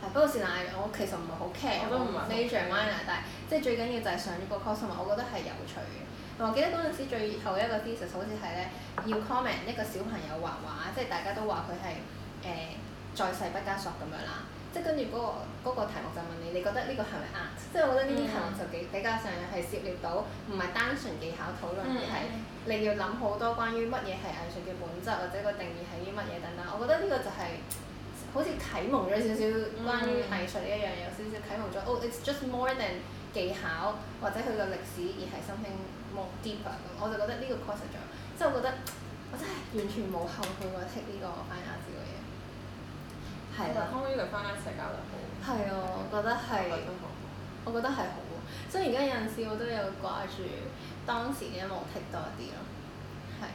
係，不過是但係我其實唔係好 c a r e m a j o minor，但係即係最緊要就係上咗個 course 同埋我覺得係有趣嘅。同埋記得嗰陣時最後一個 thesis 好似係咧要 comment 一個小朋友畫畫，即係大家都話佢係誒在世不加索咁樣啦。即跟住嗰、那個嗰、那個題目就問你，你覺得呢個係咪 art？即係我覺得呢啲題目就幾比較上係涉獵到，唔係單純技巧討論，嗯、而係你要諗好多關於乜嘢係藝術嘅本質或者個定義係啲乜嘢等等。我覺得呢個就係、是、好似啟蒙咗少少關於藝術一樣、嗯、有少少啟蒙咗。哦、oh, it's just more than 技巧或者佢個歷史，而係 something more deeper。咁我就覺得呢個 course 係最好。即係我覺得我真係完全冇後悔過識呢個班雅思。係啊，康呢度返嚟社交又好。係啊、嗯，我覺得係。我覺得好。係好啊，所以而家有陣時我都有掛住當時嘅無踢多啲咯。係。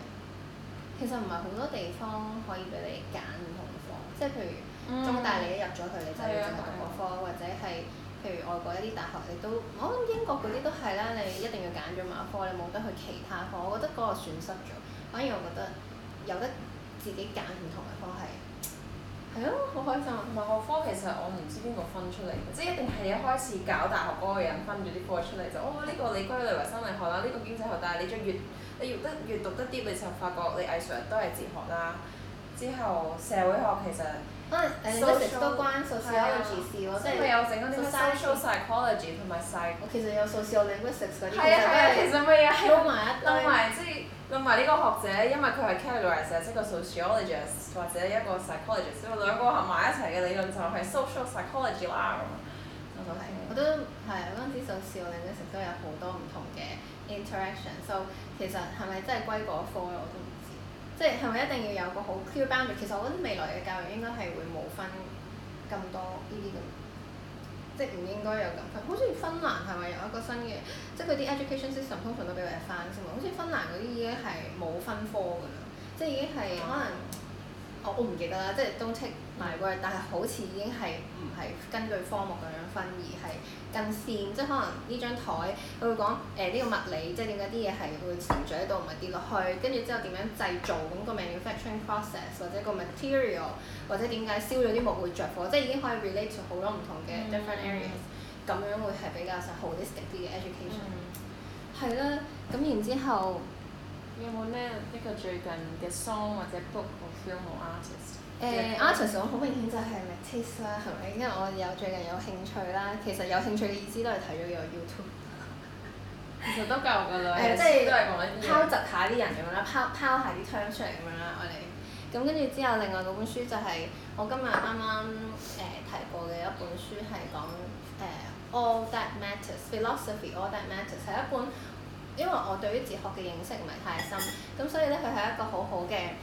其實唔係好多地方可以俾你揀唔同嘅科，即係譬如中大你一入咗去，嗯、你去就係只能讀嗰科，對或者係譬如外國一啲大學你都，我、哦、諗英國嗰啲都係啦，你一定要揀咗某科，你冇得去其他科，我覺得嗰個損失咗。反而我覺得有得自己揀唔同嘅科係。.係咯，好開心。同埋學科其實我唔知邊個分出嚟嘅？即係一定係一開始搞大學嗰個人分咗啲科出嚟就，哦，呢個你歸類為生理學啦，呢個經濟學，但係你再越你讀得越讀得啲嘅時候你就，發覺你藝術都係哲學啦。之後社會學其實可能 social 都關 social 即係有整嗰啲咩 social psychology 同埋 psych 我其實有 social linguistics 埋一堆。同埋呢個學者，因為佢係 categorize 成個 sociologist 或者一個 psychologist，兩個合埋一齊嘅理論就係 social psychology 啦。咁都係，我都係嗰陣時，數字我哋都成都有好多唔同嘅 interaction，s、mm hmm. o、so, 其實係咪真係歸嗰科咧，我都唔知。即係係咪一定要有個好 clear boundary？其實我覺得未來嘅教育應該係會冇分咁多呢啲咁。即唔應該有咁，好似芬蘭係咪有一個新嘅？即佢啲 education system 通常都比較 advanced 嘛。好似芬蘭嗰啲已經係冇分科㗎啦，即已經係可能、嗯、我我唔記得啦。即係冬積埋過去，但係好似已經係唔係根據科目咁樣分，而係。近線，即係可能呢張台，佢會講誒呢個物理，即係點解啲嘢係會存在喺度，唔係跌落去，跟住之後點樣製造，咁個 manufacturing process，或者個 material，或者點解燒咗啲木會着火，即係已經可以 relate to 好多唔同嘅 different areas，咁樣會係比較成 holistic 嘅 education、mm。係、hmm. 啦，咁然之後，然後有冇咩呢個最近嘅 song 或者 book 或 film artist？誒、嗯嗯、artists、嗯、我好明顯就係 Matisse 係咪？因為我有最近有興趣啦，其實有興趣嘅意思都係睇咗個 YouTube，其實夠、嗯、都夠㗎喇，誒即係拋雜下啲人咁樣啦，拋拋下啲湯出嚟咁樣啦，我哋咁跟住之後，另外嗰本書就係我今日啱啱誒提過嘅一本書係講誒、呃、all that matters philosophy all that matters 係一本因為我對於哲學嘅認識唔係太深，咁所以咧佢係一個好好嘅。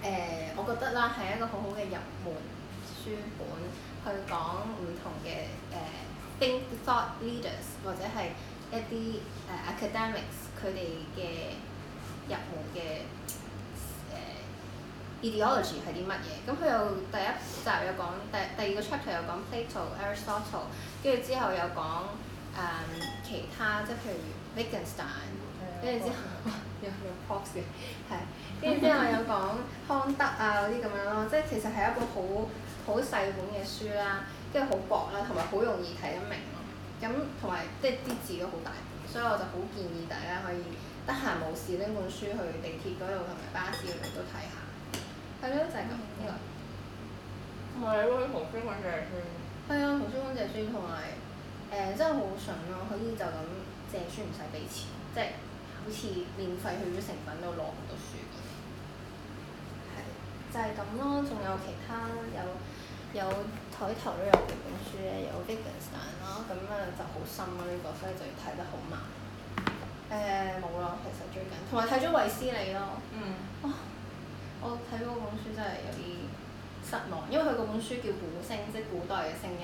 誒、呃，我覺得啦，係一個好好嘅入門書本，去講唔同嘅誒、呃、think thought leaders 或者係一啲誒、呃、academics 佢哋嘅入門嘅誒 ideology 係啲乜嘢。咁佢又第一集又講，第第二個 chapter 又講 Plato、Aristotle，跟住之後又講誒、嗯、其他，即係譬如 Wittgenstein 跟住、嗯、之後又又 Pope 嘅係跟住之後我有講康德啊嗰啲咁樣咯，即係其實係一本好好細本嘅書啦，跟住好薄啦，同埋好容易睇得明咯。咁同埋即係啲字都好大本，所以我就好建議大家可以得閒冇事拎本書去地鐵嗰度同埋巴士嗰度都睇下。係咯，就係咁呢個。唔、這、係、個，我係圖書館借書。係 啊，圖書館借書同埋誒真係好順咯，可以就咁借書唔使俾錢，即係好似免費去咗成本度攞到就係咁咯，仲有其他有有台頭都有幾本書咧，有 Evidence 啦，咁啊就好深啊呢、這個，所以就要睇得好慢。誒、呃，冇啦，其實最近同埋睇咗衛斯理咯。哇、嗯啊！我睇嗰本書真係有啲失望，因為佢嗰本書叫本聲，即古代嘅聲音。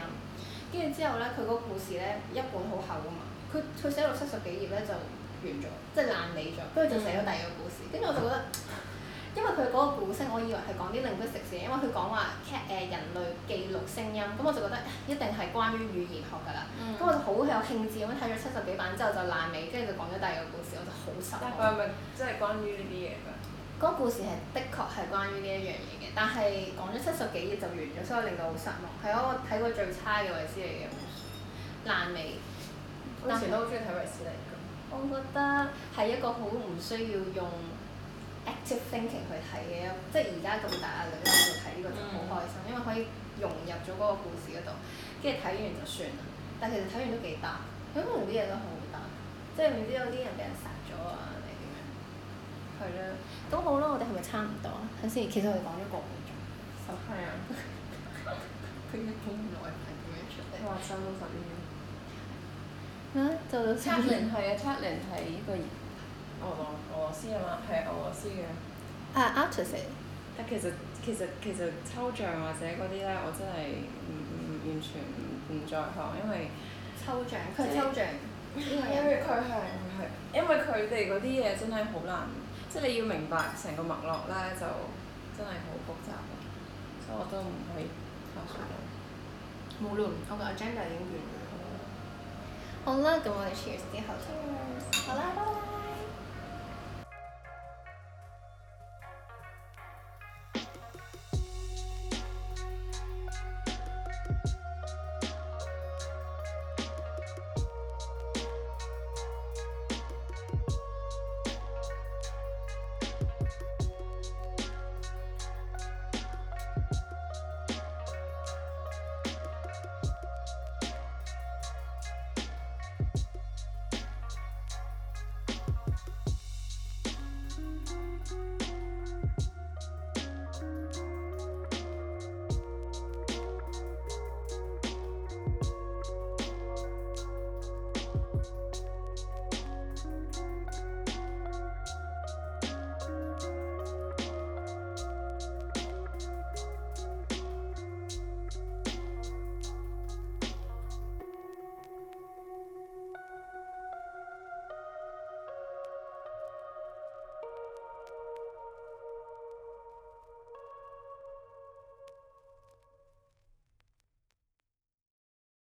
跟住之後咧，佢嗰個故事咧一本好厚啊嘛，佢佢寫到七十幾頁咧就完咗，即、就、係、是、爛尾咗，跟住就寫咗第二個故事，跟住、嗯、我就覺得。因為佢嗰個故事，我以為係講啲鄰居食事，因為佢講話劇誒人類記錄聲音，咁我就覺得一定係關於語言學㗎啦。咁、嗯、我就好有興致，咁睇咗七十幾版之後就爛尾，跟住就講咗第二個故事，我就好失望。係咪即係關於呢啲嘢㗎？嗰個故事係的確係關於呢一樣嘢嘅，但係講咗七十幾頁就完咗，所以我令到好失望。係我睇過最差嘅《衛斯理》嘅爛尾。以前都好鍾意睇《衛斯理》㗎。我覺得係一個好唔需要用 active thinking 去睇嘅，即係而家咁大壓力去睇呢、呢個就、嗯、好開心，因為可以融入咗嗰個故事嗰度，跟住睇完就算嘞，但其實睇完都幾得，佢可能啲嘢都好得，即係唔知有啲人俾人殺咗啊定係點樣？係嘞，都好啦。我哋係咪差唔多啊？等先，其實我哋講咗個半鐘。係是的 啊，佢已經好耐唔係幾長。佢話收咗十二點。嚇！做到七零，係啊，七零，係呢個。俄羅俄羅斯啊嘛，係俄羅斯嘅。啊 a r t i s t i 其實其實其實抽象或者嗰啲咧，我真係唔完全唔在行，因為抽象佢抽象，因為佢係因為佢哋嗰啲嘢真係好難，即係你要明白成個脈絡咧，就真係好複雜，所以我都唔係發술到。冇論我個 a 業語言。好啦，咁我哋 Cheers 啲後先。好啦。